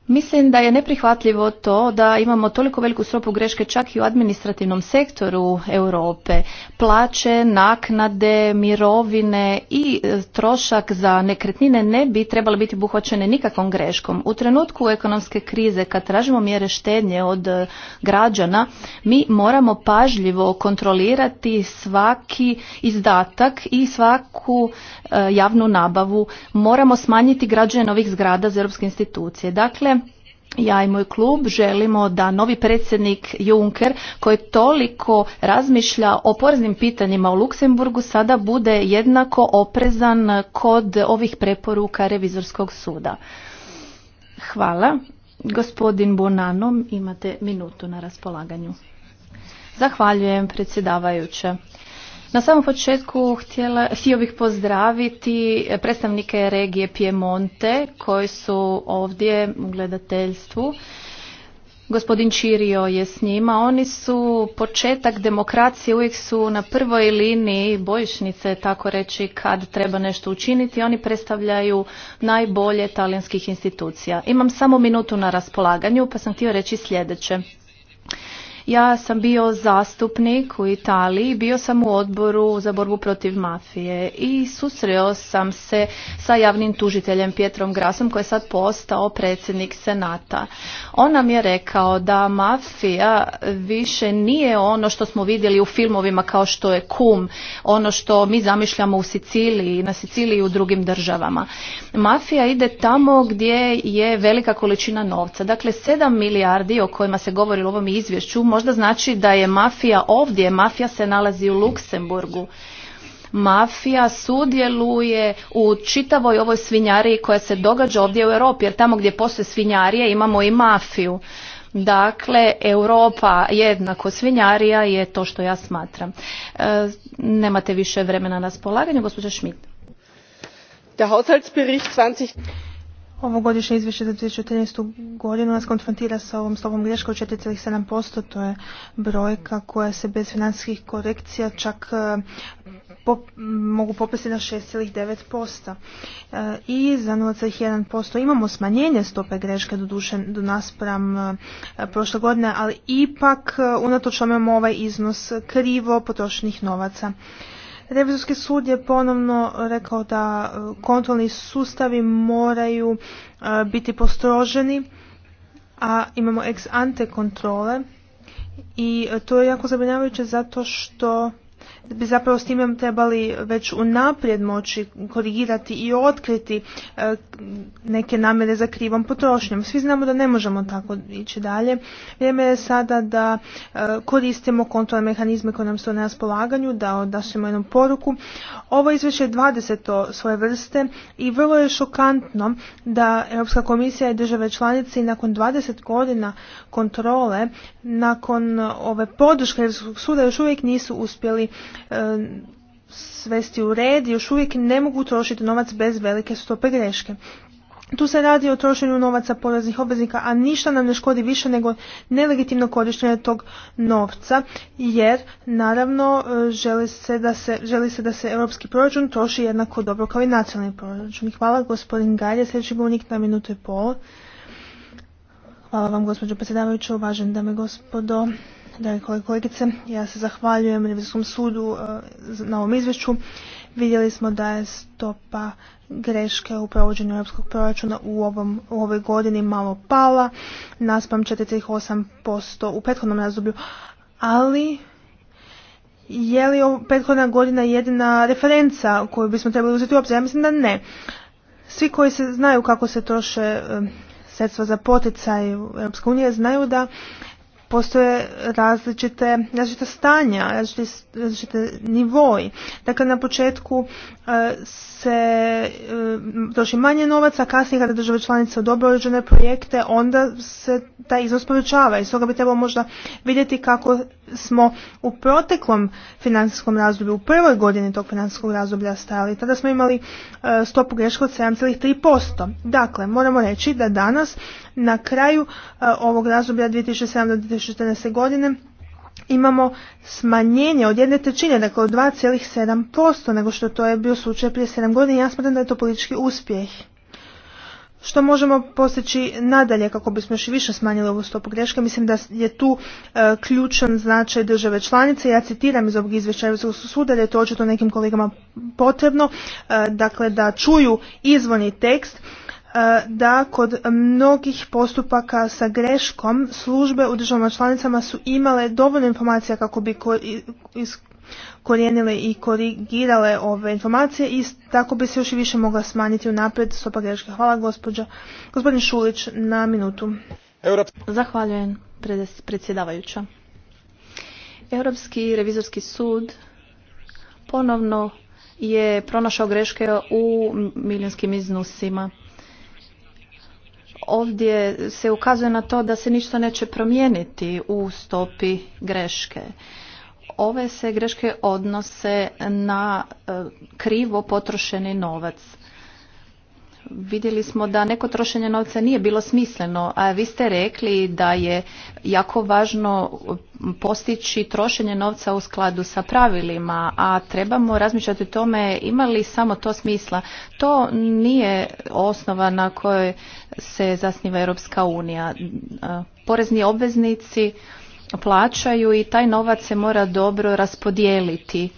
Mislim da je neprihvatljivo to da imamo toliko veliku stropu greške čak i u administrativnom sektoru Europe. Plaće, naknade, mirovine i e, trošak za nekretnine ne bi trebali biti obuhvaćene nikakvom greškom. U trenutku ekonomske krize kad tražimo mjere štednje od e, građana, mi moramo pažljivo kontrolirati svaki izdatak i svaku e, javnu nabavu. Moramo smanjiti građane novih zgrada za europske institucije. Dakle, ja i moj klub želimo da novi predsjednik Juncker koji toliko razmišlja o poreznim pitanjima u Luksemburgu sada bude jednako oprezan kod ovih preporuka revizorskog suda. Hvala. Gospodin Bonanom imate minutu na raspolaganju. Zahvaljujem predsjedavajuće. Na samom početku htjela, htio bih pozdraviti predstavnike regije Piemonte koji su ovdje u gledateljstvu. Gospodin Čirio je s njima. Oni su početak demokracije, uvijek su na prvoj liniji bojišnice, tako reći, kad treba nešto učiniti. Oni predstavljaju najbolje talijanskih institucija. Imam samo minutu na raspolaganju, pa sam htio reći sljedeće. Ja sam bio zastupnik u Italiji, bio sam u odboru za borbu protiv mafije i susreo sam se sa javnim tužiteljem Pietrom Grasom koji je sad postao predsjednik Senata. On nam je rekao da mafija više nije ono što smo vidjeli u filmovima kao što je kum, ono što mi zamišljamo u Siciliji, na Siciliji i u drugim državama. Mafija ide tamo gdje je velika količina novca. Dakle, 7 milijardi o kojima se govori u ovom izvješću možda znači da je mafija ovdje, mafija se nalazi u Luksemburgu. Mafija sudjeluje u čitavoj ovoj svinjariji koja se događa ovdje u Europi, jer tamo gdje postoje svinjarije imamo i mafiju. Dakle, Europa jednako svinjarija je to što ja smatram. E, nemate više vremena na spolaganju, gospođa Šmit. 20... Ovogodišnje izvješće za 2014. godinu nas konfrontira sa ovom stopom greška od 4,7%. To je brojka koja se bez financijskih korekcija čak e, mogu popesti na 6,9%. E, I za 0,1% imamo smanjenje stope greške do do naspram e, prošle godine, ali ipak unatoč imamo ovaj iznos krivo potrošenih novaca. Revizorski sud je ponovno rekao da e, kontrolni sustavi moraju e, biti postroženi, a imamo ex ante kontrole i e, to je jako zabrinjavajuće zato što bi zapravo s time trebali već unaprijed moći korigirati i otkriti e, neke namjere za krivom potrošnjom. Svi znamo da ne možemo tako ići dalje. Vrijeme je sada da e, koristimo kontrolne mehanizme koje nam su na raspolaganju, da odašemo jednu poruku. Ovo izvješće je 20. svoje vrste i vrlo je šokantno da Europska komisija i države članice i nakon 20 godina kontrole, nakon ove podrške Europskog suda još uvijek nisu uspjeli svesti u red još uvijek ne mogu trošiti novac bez velike stope greške. Tu se radi o trošenju novaca poreznih obveznika, a ništa nam ne škodi više nego nelegitimno korištenje tog novca, jer naravno e, želi se da se, želi se, da se europski proračun troši jednako dobro kao i nacionalni proračun. Hvala gospodin Galje, sljedeći govornik na minutu i pol. Hvala vam gospođo predsjedavajuću, uvažen dame gospodo dragi kolegice. Ja se zahvaljujem Revizorskom sudu e, na ovom izvješću. Vidjeli smo da je stopa greške u provođenju europskog proračuna u, ovom, u ovoj godini malo pala, naspam 4,8% u prethodnom razdoblju, ali je li ovo prethodna godina jedina referenca koju bismo trebali uzeti u obzir? Ja mislim da ne. Svi koji se znaju kako se troše e, sredstva za poticaj Europske unije znaju da postoje različite, različite stanja, različite, različite nivoji. Dakle, na početku e, se e, troši manje novaca, kasnije kada države članice odobre određene projekte, onda se taj iznos povećava. I stoga bi trebalo možda vidjeti kako smo u proteklom financijskom razdoblju, u prvoj godini tog financijskog razdoblja stajali. Tada smo imali e, stopu greške od 7,3%. Dakle, moramo reći da danas na kraju e, ovog razdoblja 2007. do 2014. godine imamo smanjenje od jedne trećine, dakle od 2,7% nego što to je bio slučaj prije 7 godina i ja smatram da je to politički uspjeh. Što možemo postići nadalje kako bismo još i više smanjili ovu stopu greške? Mislim da je tu e, ključan značaj države članice. Ja citiram iz ovog izvješća Europskog suda, da je to očito nekim kolegama potrebno, e, dakle da čuju izvorni tekst da kod mnogih postupaka sa greškom službe u državama članicama su imale dovoljno informacija kako bi iskorijenile i korigirale ove informacije i tako bi se još i više mogla smanjiti u napred stopa greške. Hvala gospođa. Gospodin Šulić na minutu. Zahvaljujem predsjedavajuća. Europski revizorski sud ponovno je pronašao greške u milijunskim iznosima Ovdje se ukazuje na to da se ništa neće promijeniti u stopi greške. Ove se greške odnose na e, krivo potrošeni novac vidjeli smo da neko trošenje novca nije bilo smisleno, a vi ste rekli da je jako važno postići trošenje novca u skladu sa pravilima, a trebamo razmišljati o tome ima li samo to smisla. To nije osnova na kojoj se zasniva Europska unija. Porezni obveznici plaćaju i taj novac se mora dobro raspodijeliti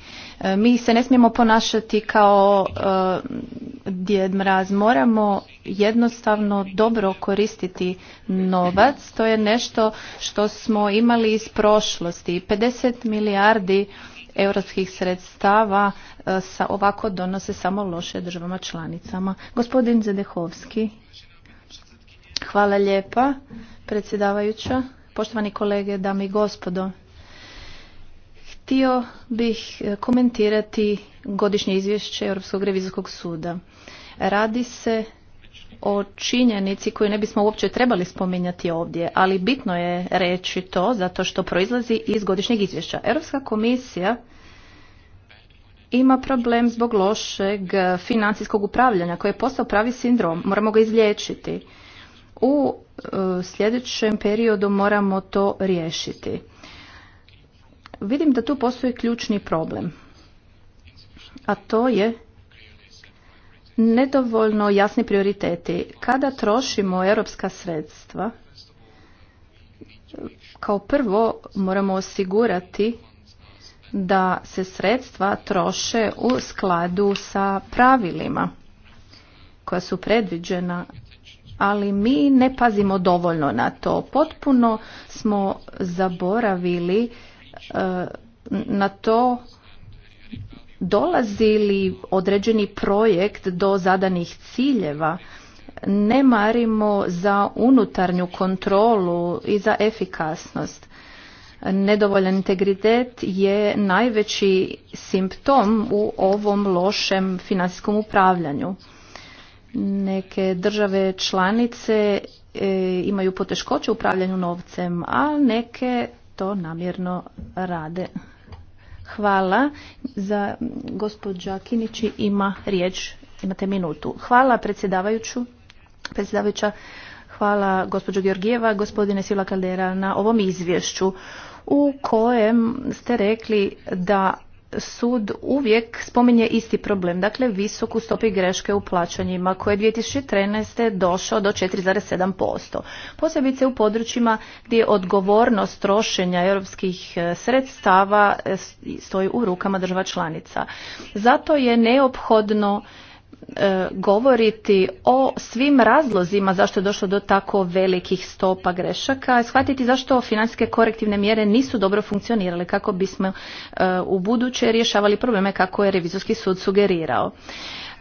E, mi se ne smijemo ponašati kao e, djed mraz. Moramo jednostavno dobro koristiti novac. To je nešto što smo imali iz prošlosti. 50 milijardi europskih sredstava e, sa ovako donose samo loše državama članicama. Gospodin Zedehovski. Hvala lijepa, predsjedavajuća. Poštovani kolege, dame i gospodo. Htio bih e, komentirati godišnje izvješće Europskog revizijskog suda. Radi se o činjenici koju ne bismo uopće trebali spominjati ovdje, ali bitno je reći to zato što proizlazi iz godišnjeg izvješća. Europska komisija ima problem zbog lošeg financijskog upravljanja koji je postao pravi sindrom. Moramo ga izlječiti. U e, sljedećem periodu moramo to riješiti vidim da tu postoji ključni problem, a to je nedovoljno jasni prioriteti. Kada trošimo europska sredstva, kao prvo moramo osigurati da se sredstva troše u skladu sa pravilima koja su predviđena, ali mi ne pazimo dovoljno na to. Potpuno smo zaboravili E, na to dolazi li određeni projekt do zadanih ciljeva ne marimo za unutarnju kontrolu i za efikasnost nedovoljan integritet je najveći simptom u ovom lošem financijskom upravljanju neke države članice e, imaju poteškoće u upravljanju novcem a neke to namjerno rade. Hvala. Za gospođa Kinići ima riječ. Imate minutu. Hvala predsjedavajuću. Predsjedavajuća, hvala gospođo Georgijeva, gospodine Sila Kaldera na ovom izvješću u kojem ste rekli da sud uvijek spominje isti problem, dakle visoku stopi greške u plaćanjima koje je 2013. došao do 4,7%. Posebice u područjima gdje odgovornost trošenja europskih e, sredstava e, stoji u rukama država članica. Zato je neophodno E, govoriti o svim razlozima zašto je došlo do tako velikih stopa grešaka, shvatiti zašto financijske korektivne mjere nisu dobro funkcionirale kako bismo e, u buduće rješavali probleme kako je revizorski sud sugerirao.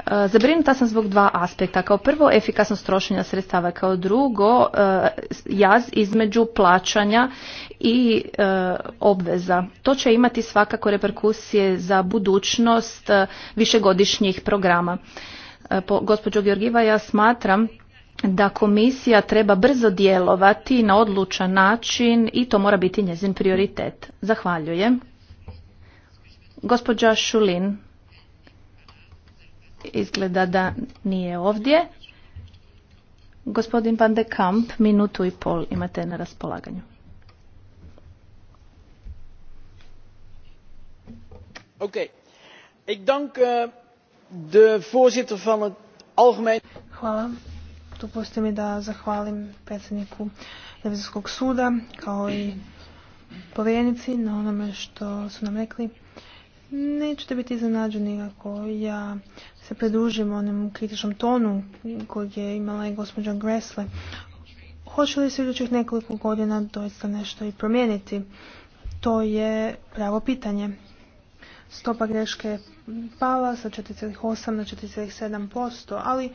E, Zabrinuta sam zbog dva aspekta. Kao prvo, efikasnost trošenja sredstava. Kao drugo, e, jaz između plaćanja i e, obveza. To će imati svakako reperkusije za budućnost višegodišnjih programa. gospođo Georgiva, ja smatram da komisija treba brzo djelovati na odlučan način i to mora biti njezin prioritet. Zahvaljujem. Gospođa Šulin izgleda da nije ovdje. Gospodin Van de Kamp, minutu i pol imate na raspolaganju. Hvala. Ik dank eh, Dopustite mi da zahvalim predsjedniku Revizijskog suda kao i povjerenici na onome što su nam rekli. Nećete biti iznenađeni ako ja se pridružim onom kritičnom tonu kojeg je imala i gospođa Gressle. Hoće li se u idućih nekoliko godina doista nešto i promijeniti? To je pravo pitanje. Stopa greške je pala sa 4,8 na 4,7%, ali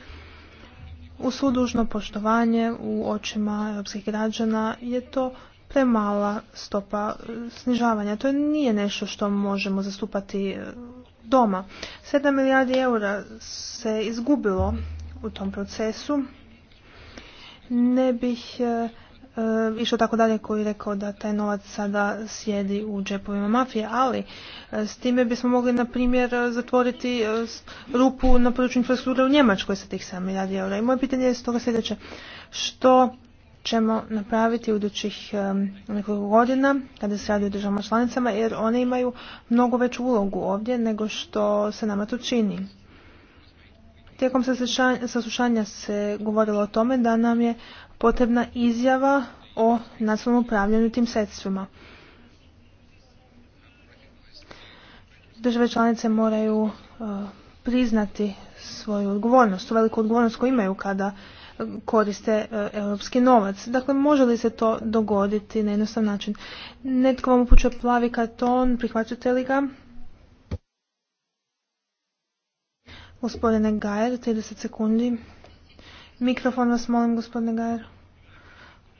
u sudužno poštovanje u očima europskih građana je to premala stopa e, snižavanja. To nije nešto što možemo zastupati e, doma. 7 milijardi eura se izgubilo u tom procesu. Ne bih e, išao tako dalje koji rekao da taj novac sada sjedi u džepovima mafije, ali s time bismo mogli, na primjer, zatvoriti rupu na području infrastrukture u Njemačkoj sa tih 7 milijardi eura. I moje pitanje je toga sljedeće. Što ćemo napraviti u dućih nekoliko godina kada se radi o državama članicama jer one imaju mnogo veću ulogu ovdje nego što se nama to čini. Tijekom saslušanja se govorilo o tome da nam je potrebna izjava o nacionalnom upravljanju tim sredstvima. Države članice moraju e, priznati svoju odgovornost, tu veliku odgovornost koju imaju kada koriste e, europski novac. Dakle, može li se to dogoditi na jednostav način? Netko vam upućuje plavi karton, prihvaćate li ga? Gospodine Gajer, 30 sekundi. Mikrofon vas molim, gospodine Gajer.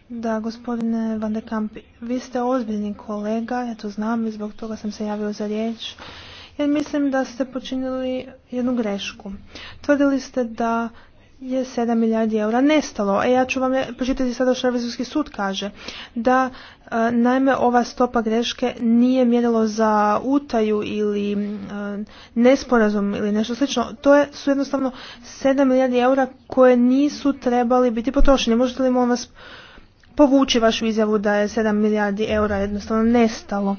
Da, gospodine Van der Kamp, vi ste ozbiljni kolega, ja to znam i zbog toga sam se javio za riječ, jer mislim da ste počinili jednu grešku. Tvrdili ste da je 7 milijardi eura nestalo. e, ja ću vam pročitati sada što Revizorski sud kaže. Da e, naime ova stopa greške nije mjerilo za utaju ili e, nesporazum ili nešto slično. To je, su jednostavno 7 milijardi eura koje nisu trebali biti potrošeni. Možete li molim vas povući vašu izjavu da je 7 milijardi eura jednostavno nestalo?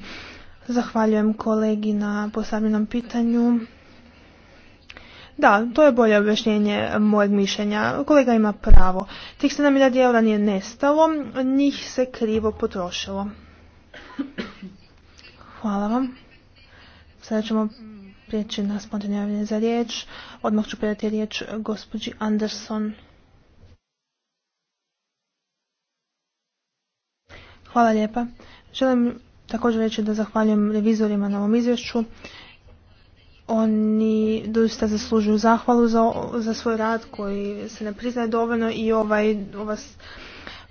Zahvaljujem kolegi na postavljenom pitanju. Da, to je bolje objašnjenje mojeg mišljenja. Kolega ima pravo. Tih 7 milijardi eura nije nestalo, njih se krivo potrošilo. Hvala vam. Sada ćemo prijeći na javljenje za riječ. Odmah ću predati riječ gospođi Anderson. Hvala lijepa. Želim također reći da zahvaljujem revizorima na ovom izvješću oni doista zaslužuju zahvalu za, za svoj rad koji se ne priznaje dovoljno i ovaj, ova,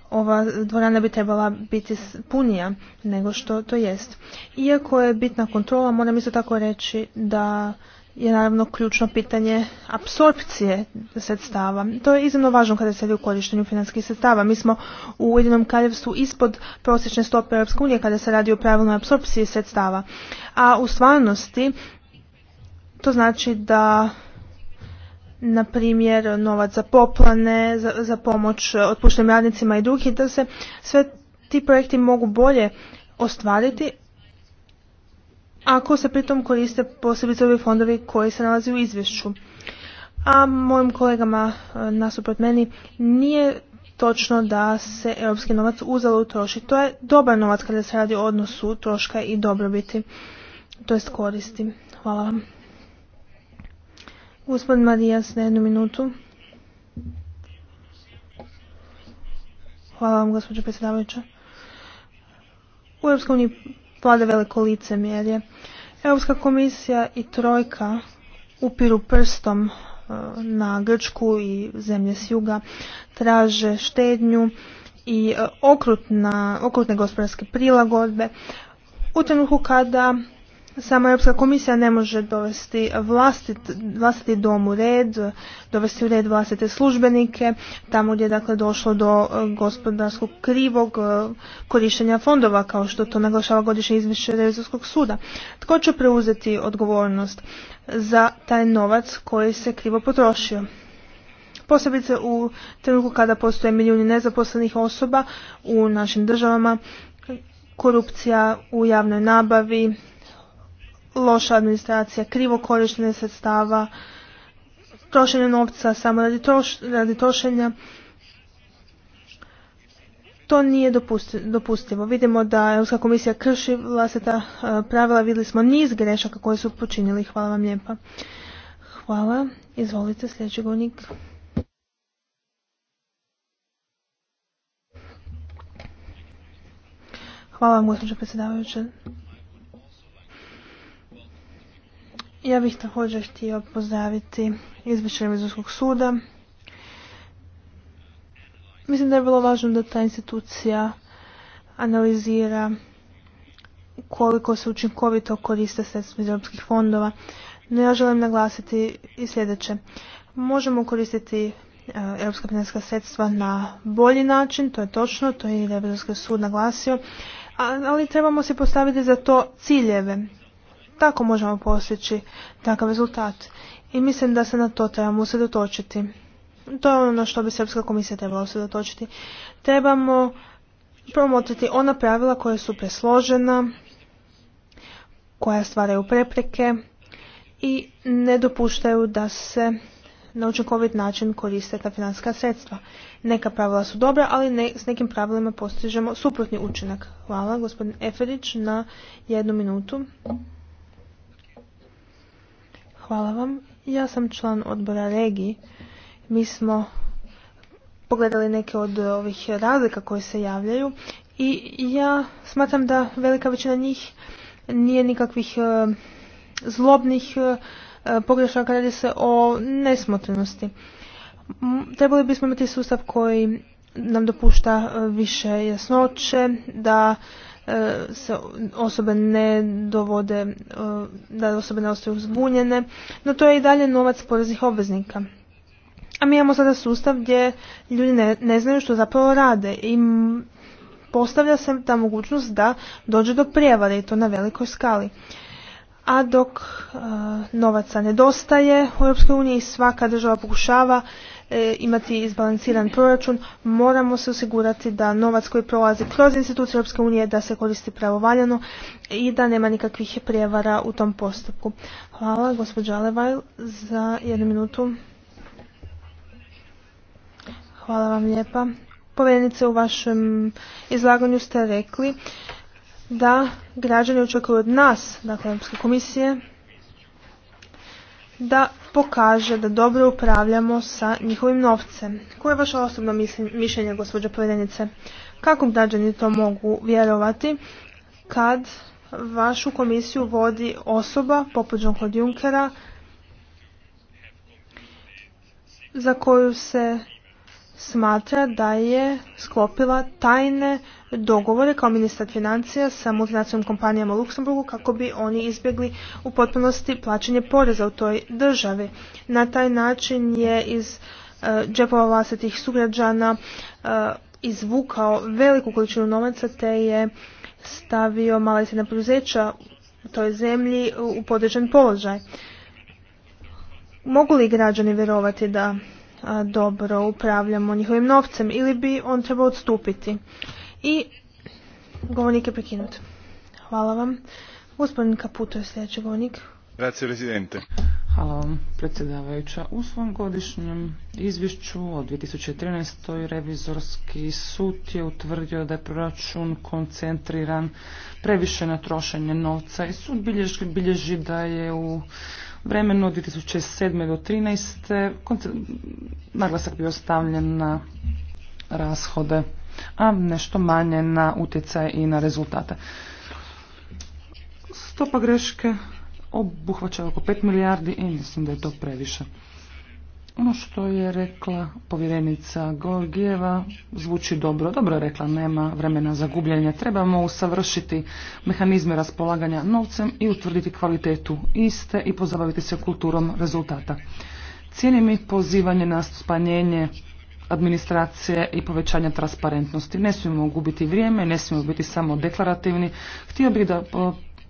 ova dvorana bi trebala biti punija nego što to jest. Iako je bitna kontrola, moram isto tako reći da je naravno ključno pitanje apsorpcije sredstava. To je iznimno važno kada se radi o korištenju financijskih sredstava. Mi smo u Ujedinom kraljevstvu ispod prosječne stope Europske unije kada se radi o pravilnoj apsorpciji sredstava. A u stvarnosti to znači da na primjer novac za poplane, za, za pomoć otpuštenim radnicima i drugih, da se sve ti projekti mogu bolje ostvariti ako se pritom koriste posebice ovi fondovi koji se nalazi u izvješću. A mojim kolegama e, nasuprot meni nije točno da se europski novac uzalo troši. To je dobar novac kada se radi o odnosu troška i dobrobiti, to jest koristi. Hvala vam. Gospodin Marijas, na jednu minutu. Hvala vam, gospođo predsjedavajuća. U Europskoj uniji vlada veliko licemjerje. Europska komisija i trojka upiru prstom e, na Grčku i zemlje s juga, traže štednju i e, okrutne gospodarske prilagodbe u trenutku kada sama Europska komisija ne može dovesti vlastiti dom u red, dovesti u red vlastite službenike, tamo gdje je dakle došlo do e, gospodarskog krivog e, korištenja fondova, kao što to naglašava godišnje izvješće Revizorskog suda. Tko će preuzeti odgovornost za taj novac koji se krivo potrošio? Posebice u trenutku kada postoje milijuni nezaposlenih osoba u našim državama, korupcija u javnoj nabavi, loša administracija, krivo korištenje sredstava, trošenje novca samo radi, radi trošenja. To nije dopustivo. Vidimo da Europska komisija krši vlastita e, pravila. Vidjeli smo niz grešaka koje su počinili. Hvala vam lijepa. Hvala. Izvolite sljedeći govnik. Hvala vam gospođo predsjedavajuća. Ja bih također htio pozdraviti izvješće Revizorskog suda. Mislim da je bilo važno da ta institucija analizira koliko se učinkovito koriste sredstva iz europskih fondova. No ja želim naglasiti i sljedeće. Možemo koristiti e, europska financijska sredstva na bolji način, to je točno, to je i Revizorski sud naglasio, ali trebamo se postaviti za to ciljeve tako možemo postići takav rezultat. I mislim da se na to trebamo usredotočiti. To je ono što bi Srpska komisija trebala usredotočiti. Trebamo promotiti ona pravila koja su presložena, koja stvaraju prepreke i ne dopuštaju da se na učinkovit način koriste ta financijska sredstva. Neka pravila su dobra, ali s nekim pravilima postižemo suprotni učinak. Hvala, gospodin Eferić, na jednu minutu. Hvala vam. Ja sam član odbora Regi. Mi smo pogledali neke od e, ovih razlika koje se javljaju i ja smatram da velika većina njih nije nikakvih e, zlobnih e, e, pogrešaka, radi se o nesmotrenosti. Trebali bismo imati sustav koji nam dopušta više jasnoće, da E, se osobe ne dovode, e, da osobe ne ostaju zbunjene, no to je i dalje novac poreznih obveznika. A mi imamo sada sustav gdje ljudi ne, znaju što zapravo rade i postavlja se ta mogućnost da dođe do prijevare i to na velikoj skali. A dok e, novaca nedostaje u EU svaka država pokušava E, imati izbalansiran proračun, moramo se osigurati da novac koji prolazi kroz institucije Europske unije da se koristi pravovaljano i da nema nikakvih prijevara u tom postupku. Hvala gospođa Alevajl za jednu minutu. Hvala vam lijepa. Povjerenice, u vašem izlaganju ste rekli da građani očekuju od nas, dakle Europske komisije, da pokaže da dobro upravljamo sa njihovim novcem. Koje je vaše osobno mišljenje, gospođo povjerenice? Kako građani to mogu vjerovati kad vašu komisiju vodi osoba poput John Claude Junckera za koju se smatra da je sklopila tajne dogovore kao ministar financija sa multinacionalnim kompanijama u Luksemburgu kako bi oni izbjegli u potpunosti plaćanje poreza u toj državi. Na taj način je iz e, džepova vlastitih sugrađana e, izvukao veliku količinu novaca te je stavio mala i poduzeća u toj zemlji u podređen položaj. Mogu li građani vjerovati da dobro upravljamo njihovim novcem ili bi on trebao odstupiti. I govornik je prekinut. Hvala vam. Gospodin Kaputo je sljedeći govornik. Hvala vam, predsjedavajuća. U svom godišnjem izvješću od 2013. revizorski sud je utvrdio da je proračun koncentriran previše na trošenje novca i sud bilježi, bilježi da je u vremenu od 2007. do 2013. Naglasak bio ostavljen na rashode, a nešto manje na utjecaj i na rezultate. Stopa greške obuhvaća oko 5 milijardi i mislim da je to previše. Ono što je rekla povjerenica Gorgijeva zvuči dobro. Dobro je rekla, nema vremena za gubljenje. Trebamo usavršiti mehanizme raspolaganja novcem i utvrditi kvalitetu iste i pozabaviti se kulturom rezultata. Cijenim i pozivanje na spanjenje administracije i povećanje transparentnosti. Ne smijemo gubiti vrijeme, ne smijemo biti samo deklarativni. Htio bih da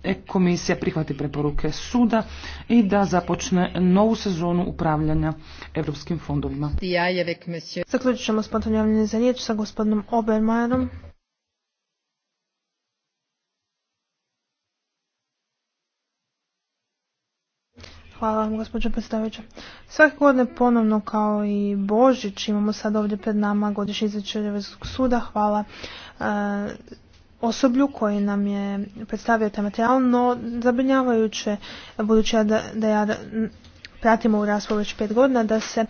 E, komisija prihvati preporuke suda i da započne novu sezonu upravljanja europskim fondovima. Zaključit ćemo spontano javljanje za riječ sa gospodinom Obermajerom. Hvala vam, gospođo Svake godine ponovno kao i Božić imamo sad ovdje pred nama godišnje izveće suda. Hvala e, osoblju koji nam je predstavio taj materijal, no zabrinjavajuće, budući da, ja pratimo u raspravu već pet godina, da se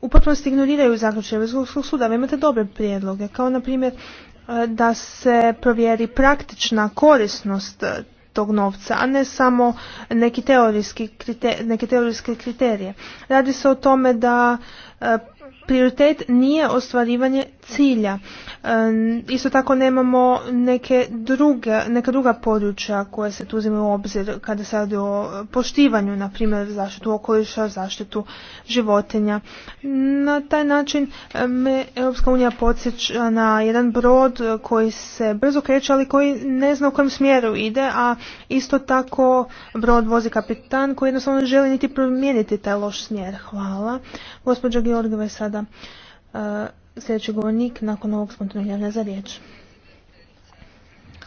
u potpunosti ignoriraju zaključke suda. Vi imate dobre prijedloge, kao na primjer e, da se provjeri praktična korisnost e, tog novca, a ne samo neki teorijski kriterije. Radi se o tome da e, prioritet nije ostvarivanje cilja. Isto tako nemamo neke druge, neka druga područja koja se tu uzimaju u obzir kada se radi o poštivanju, na primjer zaštitu okoliša, zaštitu životinja. Na taj način me Europska unija podsjeća na jedan brod koji se brzo kreće, ali koji ne zna u kojem smjeru ide, a isto tako brod vozi kapitan koji jednostavno ne želi niti promijeniti taj loš smjer. Hvala. Gospođa Georgijeva je sada E, sljedeći govornik nakon ovog spontanog javlja za riječ.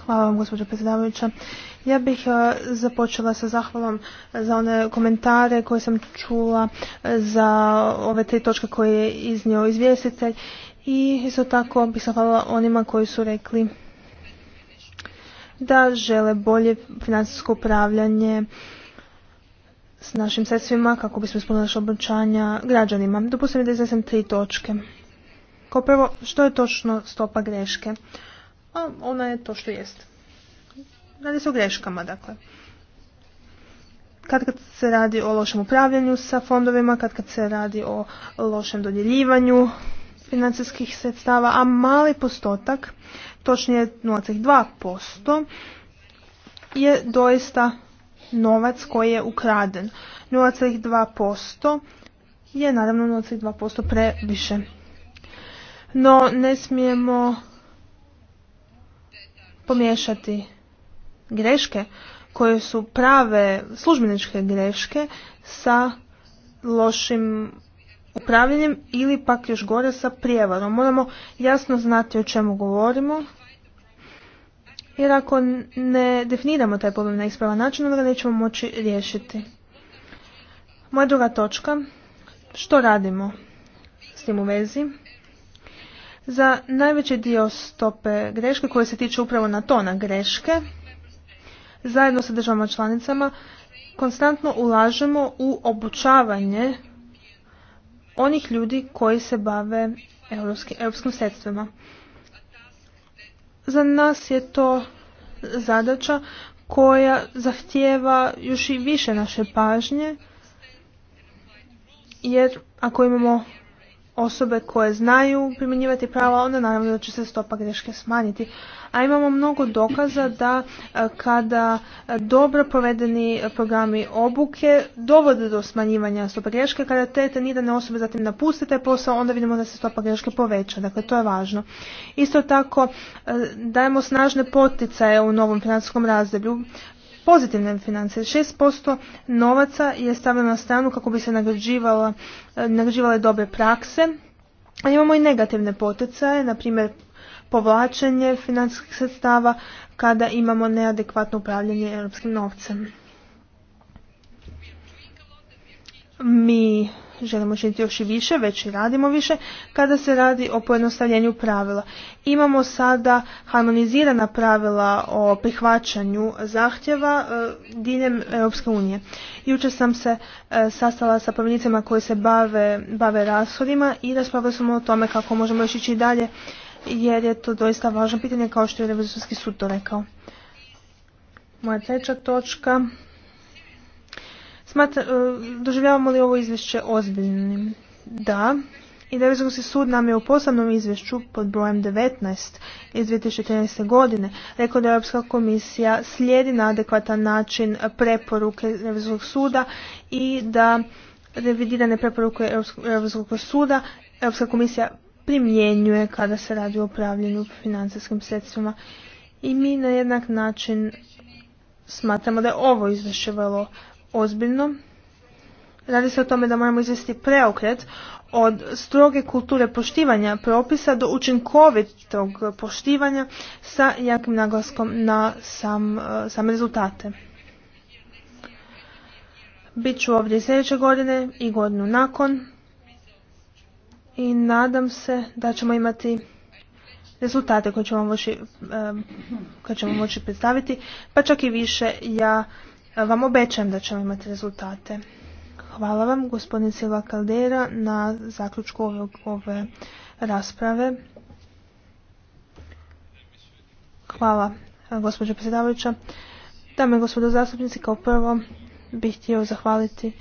Hvala vam, gospođo predsjedavajuća. Ja bih e, započela sa zahvalom za one komentare koje sam čula e, za ove tri točke koje je iznio izvjestitelj i isto tako bih zahvalila onima koji su rekli da žele bolje financijsko upravljanje s našim sredstvima kako bismo ispunili naše obećanja građanima. Dopustite mi da iznesem tri točke. Kao prvo, što je točno stopa greške? A ona je to što jest. Radi se o greškama, dakle. Kad, se radi o lošem upravljanju sa fondovima, kad, kad se radi o lošem dodjeljivanju financijskih sredstava, a mali postotak, točnije 0,2%, je doista novac koji je ukraden. 0,2% je naravno 0,2% previše. No ne smijemo pomiješati greške koje su prave službeničke greške sa lošim upravljanjem ili pak još gore sa prijevarom. Moramo jasno znati o čemu govorimo jer ako ne definiramo taj problem na ispravan način, onda ga nećemo moći riješiti. Moja druga točka, što radimo s tim u vezi? Za najveći dio stope greške koje se tiče upravo na to, na greške, zajedno sa državama članicama, konstantno ulažemo u obučavanje onih ljudi koji se bave europskim sredstvima. Za nas je to zadaća koja zahtijeva još i više naše pažnje, jer ako imamo osobe koje znaju primjenjivati prava, onda naravno da će se stopa greške smanjiti. A imamo mnogo dokaza da e, kada dobro provedeni programi obuke dovode do smanjivanja stopa greške, kada te trenirane osobe zatim napuste taj posao, onda vidimo da se stopa greške poveća. Dakle, to je važno. Isto tako, e, dajemo snažne poticaje u novom financijskom razdoblju pozitivne financije. 6% novaca je stavljeno na stranu kako bi se e, nagrađivale dobre prakse. A imamo i negativne poticaje, na primjer povlačenje financijskih sredstava kada imamo neadekvatno upravljanje europskim novcem. mi želimo činiti još i više, već i radimo više, kada se radi o pojednostavljenju pravila. Imamo sada harmonizirana pravila o prihvaćanju zahtjeva e, diljem Europske unije. Jučer sam se e, sastala sa povjednicima koji se bave, bave rashodima i raspravili smo o tome kako možemo još ići dalje jer je to doista važno pitanje kao što je revizorski sud to rekao. Moja treća točka Smatra, e, doživljavamo li ovo izvješće ozbiljnim? Da. I Revizorski sud nam je u posebnom izvješću pod brojem 19 iz 2013. godine rekao da Europska komisija slijedi na adekvatan način preporuke Revizorskog suda i da revidirane preporuke Europskog suda Europska komisija primjenjuje kada se radi o upravljanju financijskim sredstvima. I mi na jednak način smatramo da je ovo izvješće vrlo ozbiljno. Radi se o tome da moramo izvesti preokret od stroge kulture poštivanja propisa do učinkovitog poštivanja sa jakim naglaskom na sam, rezultate. rezultate. Biću ovdje sljedeće godine i godinu nakon i nadam se da ćemo imati rezultate koje ćemo e, koje ćemo moći predstaviti, pa čak i više ja vam obećajem da ćemo imati rezultate. Hvala vam, gospodin Silva Caldera, na zaključku ove, rasprave. Hvala, gospođo predsjedavajuća. Dame i gospodo zastupnici, kao prvo bih htio zahvaliti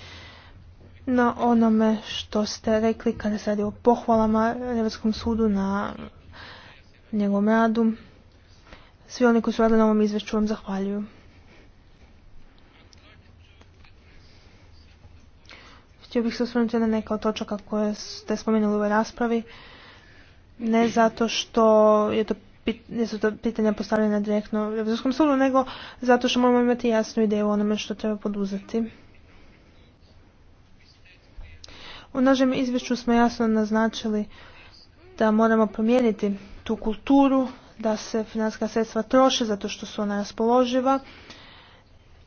na onome što ste rekli kada se radi o pohvalama Europskom sudu na njegovom radu. Svi oni koji su radili na ovom izvješću vam zahvaljuju. Htio bih se osvrnuti na neka od točaka koje ste spomenuli u ovoj raspravi. Ne zato što je to nisu to pitanja postavljena direktno u Evropskom sudu, nego zato što moramo imati jasnu ideju o onome što treba poduzeti. U našem izvješću smo jasno naznačili da moramo promijeniti tu kulturu, da se financijska sredstva troše zato što su ona raspoloživa,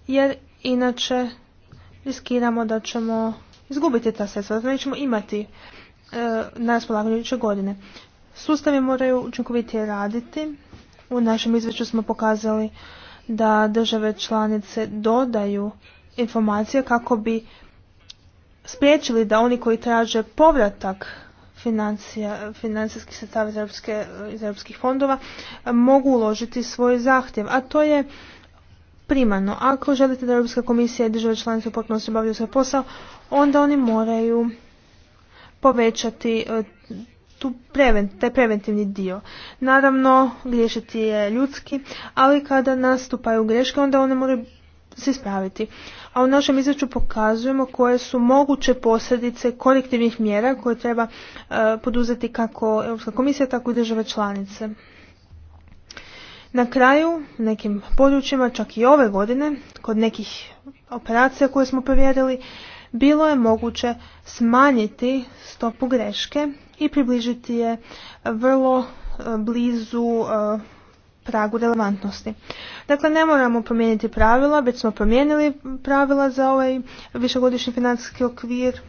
jer inače riskiramo da ćemo izgubiti ta sredstva, da nećemo imati e, na raspolaganju iduće godine. Sustavi moraju učinkovitije raditi. U našem izveću smo pokazali da države članice dodaju informacije kako bi spriječili da oni koji traže povratak financija, financijskih sredstava iz, europskih fondova mogu uložiti svoj zahtjev. A to je primarno. Ako želite da Europska komisija i države članice u potpunosti obavljaju svoj posao, onda oni moraju povećati e, tu prevent, taj preventivni dio. Naravno, griješiti je ljudski, ali kada nastupaju greške, onda one moraju se ispraviti. A u našem izvješću pokazujemo koje su moguće posljedice korektivnih mjera koje treba e, poduzeti kako Europska komisija, tako i države članice. Na kraju, nekim područjima, čak i ove godine, kod nekih operacija koje smo provjerili, bilo je moguće smanjiti stopu greške i približiti je vrlo e, blizu e, pragu relevantnosti. Dakle, ne moramo promijeniti pravila, već smo promijenili pravila za ovaj višegodišnji financijski okvir,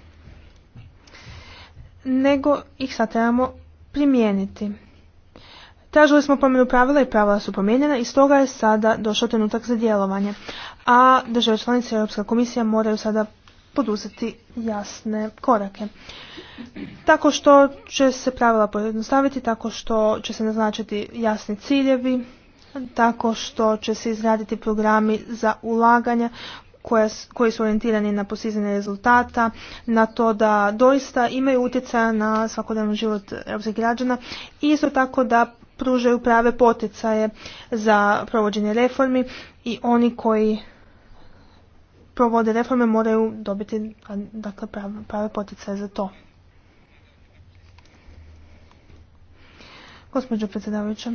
nego ih sad trebamo primijeniti. Tražili smo promjenu pravila i pravila su promijenjena i stoga je sada došao trenutak za djelovanje. A države članice Europska komisija moraju sada poduzeti jasne korake. Tako što će se pravila pojednostaviti, tako što će se naznačiti jasni ciljevi, tako što će se izraditi programi za ulaganja koji su orijentirani na postizanje rezultata, na to da doista imaju utjecaja na svakodnevni život europskih građana i isto tako da pružaju prave poticaje za provođenje reformi i oni koji provode reforme moraju dobiti dakle, prave poticaje za to. Gospođo predsjedavajuća,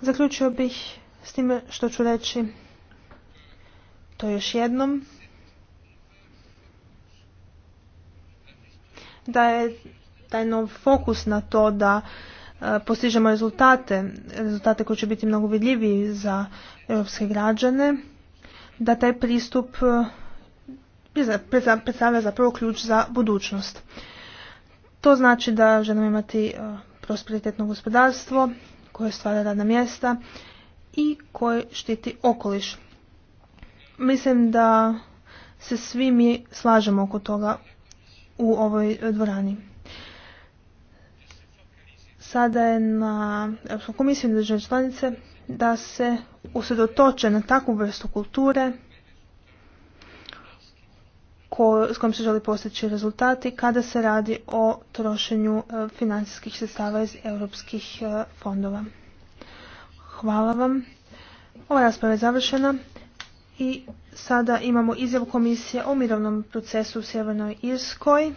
zaključio bih s time što ću reći to još jednom. Da je taj nov fokus na to da E, postižemo rezultate, rezultate koji će biti mnogo vidljiviji za europske građane, da taj pristup e, predstavlja zapravo ključ za budućnost. To znači da želimo imati e, prosperitetno gospodarstvo koje stvara radna mjesta i koje štiti okoliš. Mislim da se svi mi slažemo oko toga u ovoj dvorani. Sada je na Europskom komisiju države članice da se usredotoče na takvu vrstu kulture s kojom se želi postići rezultati kada se radi o trošenju e, financijskih sredstava iz europskih e, fondova. Hvala vam. Ova rasprava je završena i sada imamo izjavu komisije o mirovnom procesu u Sjevernoj Irskoj.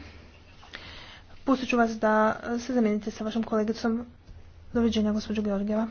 Pustit ću vas da se zamijenite sa vašom kolegicom. Doviđenja, gospođo Georgijeva.